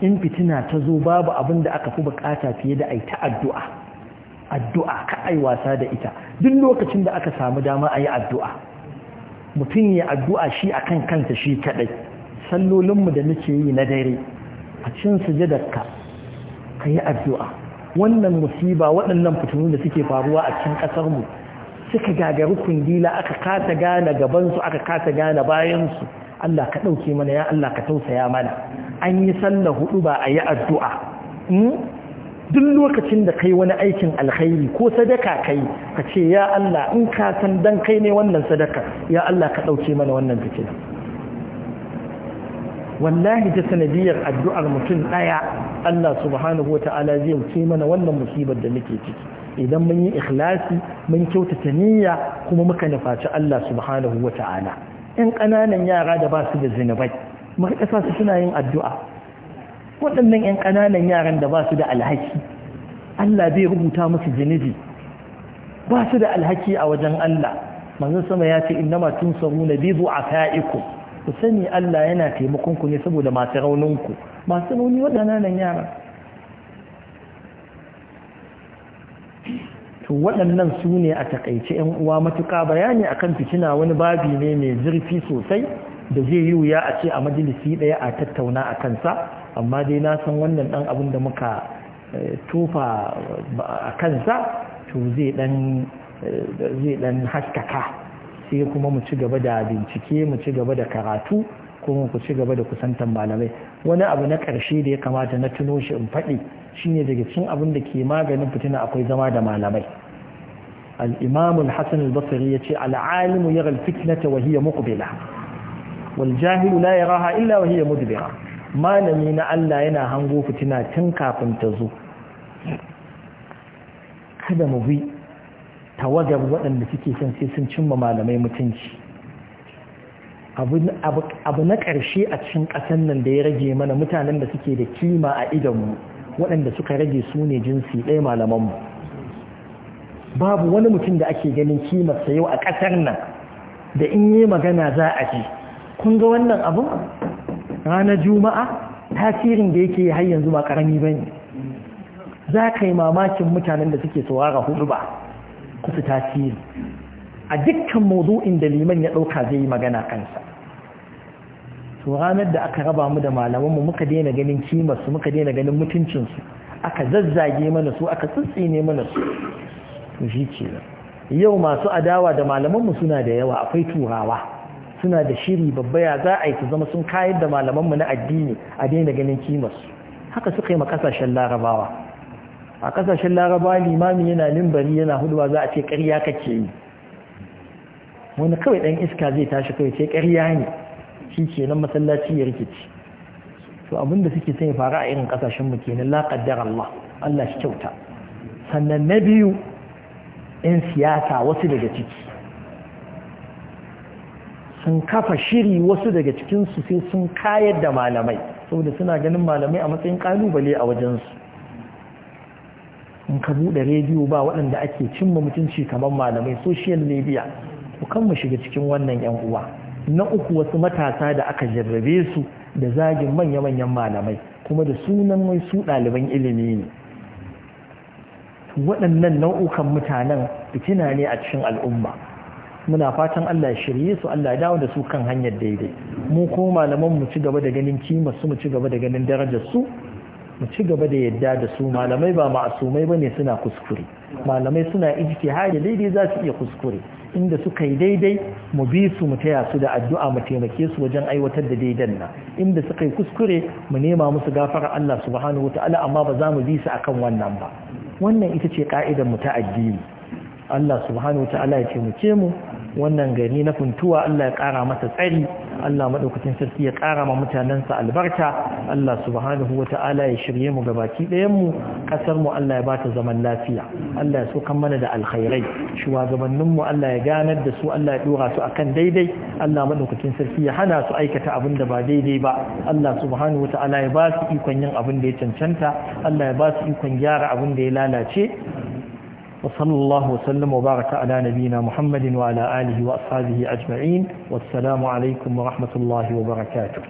Speaker 1: in fitina ta zo babu abin da aka fi bukata fiye da ai ta addu'a addu'a ka ai wasa da ita duk lokacin da aka samu dama a yi addu'a mutum ya addu'a shi a kan kanta shi kaɗai sallolinmu da nake yi na dare a cin sujadarka ka yi addu'a wannan musiba waɗannan fitinu da suke faruwa a cin ƙasarmu suka gagari kundila aka kasa gane gabansu aka kasa gane bayansu Allah ka ɗauke mana ya Allah ka tausaya mana an yi sallah hudu ba a yi addu'a hmm? duk lokacin da kai wani aikin alkhairi ko sadaka kai ka ce ya Allah in ka san dan kai ne wannan sadaka ya Allah ka dauke mana wannan fitila wallahi ta sanadiyar addu'ar mutum daya Allah subhanahu wata'ala zai wuce mana wannan musibar da muke ciki idan mun yi ikhlasi mun kyautata niyya kuma muka nufaci Allah subhanahu wata'ala in ƙananan yara da ba su da zinubai mu rika su suna yin addu'a waɗannan 'yan ƙananan yaran da ba su da alhaki Allah bai rubuta musu zunubi ba su da alhaki a wajen Allah manzon sama ya ce ma na tunsaruna a du'afaikum ku sani Allah yana taimakon ku ne saboda masu rauninku. masu rauni waɗannan yaran to waɗannan su ne a takaice 'yan uwa matuƙa bayani akan fitina wani babi ne mai zurfi sosai da zai yi wuya a ce a majalisi ɗaya a tattauna a kansa amma dai na san wannan ɗan abin da muka eh, tufa eh, a kansa to eh, zai ɗan haskaka sai kuma mu ci gaba da bincike mu ci gaba da karatu kuma ku ci gaba da kusantan malamai wani abu na ƙarshe da ya kamata na tuno shi in faɗi shine daga cikin abin da ke maganin fitina akwai zama da malamai al-imam al-hasan al-basri yace al-alimu yaghal fitnata wa wal jahilu la yaraha illa wa hiya mudbira malami na Allah yana hango fitina tun kafin ta zo kada mu bi tawagar waɗanda suke son sai sun cimma malamai mutunci abu na ƙarshe a cikin ƙasar nan da ya rage mana mutanen da suke da kima a idonmu waɗanda suka rage su ne jinsi ɗaya malamanmu babu wani mutum da ake ganin kimarsa yau a ƙasar nan da in yi magana za a ji kun ga wannan abu ranar juma'a tasirin da yake har yanzu ba karami ba ne za ka yi mamakin mutanen da suke saurara hudu ba kusa tasiri a dukkan maudu'in da liman ya ɗauka zai yi magana kansa to ranar da aka raba mu da malamanmu muka daina ganin kimarsu muka daina ganin mutuncinsu aka zazzage mana su aka tsitsine mana su to shi ce yau masu adawa da malamanmu suna da yawa akwai turawa suna da shiri babba ya za a yi su zama sun kayar da malamanmu na addini a daina ganin kimarsu haka suka yi ma kasashen larabawa a kasashen larabawa limami yana limbari yana huduwa za a ce ƙarya kake yi wani kawai ɗan iska zai tashi kawai ce ƙarya ne shi ke nan masallaci ya rikici to abinda suke sai ya faru a irin kasashenmu ke nan laƙaddar Allah Allah shi kyauta sannan na biyu 'yan siyasa wasu daga ciki sun kafa shiri wasu daga cikinsu sai sun kayar da malamai saboda suna ganin malamai a matsayin kalubale a wajensu in ka buɗe rediyo ba waɗanda ake cimma mutunci kamar malamai social media ku kan mu shiga cikin wannan yan uwa na uku wasu matasa da aka jarrabe su da zagin manya-manyan malamai kuma da sunan mai su ɗaliban ilimi ne waɗannan nau'ukan mutanen fitina ne a cikin al'umma muna fatan Allah ya shirye su Allah ya dawo da su kan hanyar daidai mu ko malaman mu ci gaba da ganin kima su mu ci gaba da ganin darajar su mu ci gaba da yadda da su malamai ba ma'asumai bane suna kuskure malamai suna ijiki da daidai za su iya kuskure inda suka yi daidai mu bi su mu taya su da addu'a mu taimake su wajen aiwatar da daidan nan inda suka yi kuskure mu nema musu gafara Allah subhanahu wataala amma ba za mu bi su akan wannan ba wannan ita ce ka'idar mu ta addini Allah subhanahu wataala ya taimake mu wannan gari na funtuwa Allah ya kara masa tsari Allah maɗaukacin sarki ya kara ma mutanen sa albarka Allah subhanahu wa ta'ala ya shirye mu gabaki ɗayanmu kasar mu Allah ya ba ta zaman lafiya Allah ya so kan mana da alkhairai shugabannin mu Allah ya ganar da su Allah ya ɗora su akan daidai Allah maɗaukacin sarki ya hana su aikata abin da ba daidai ba Allah subhanahu wa ta'ala ya ba su ikon yin abin da ya cancanta Allah ya ba su ikon gyara abin da ya lalace وصلى الله وسلم وبارك على نبينا محمد وعلى آله وأصحابه أجمعين والسلام عليكم ورحمة الله وبركاته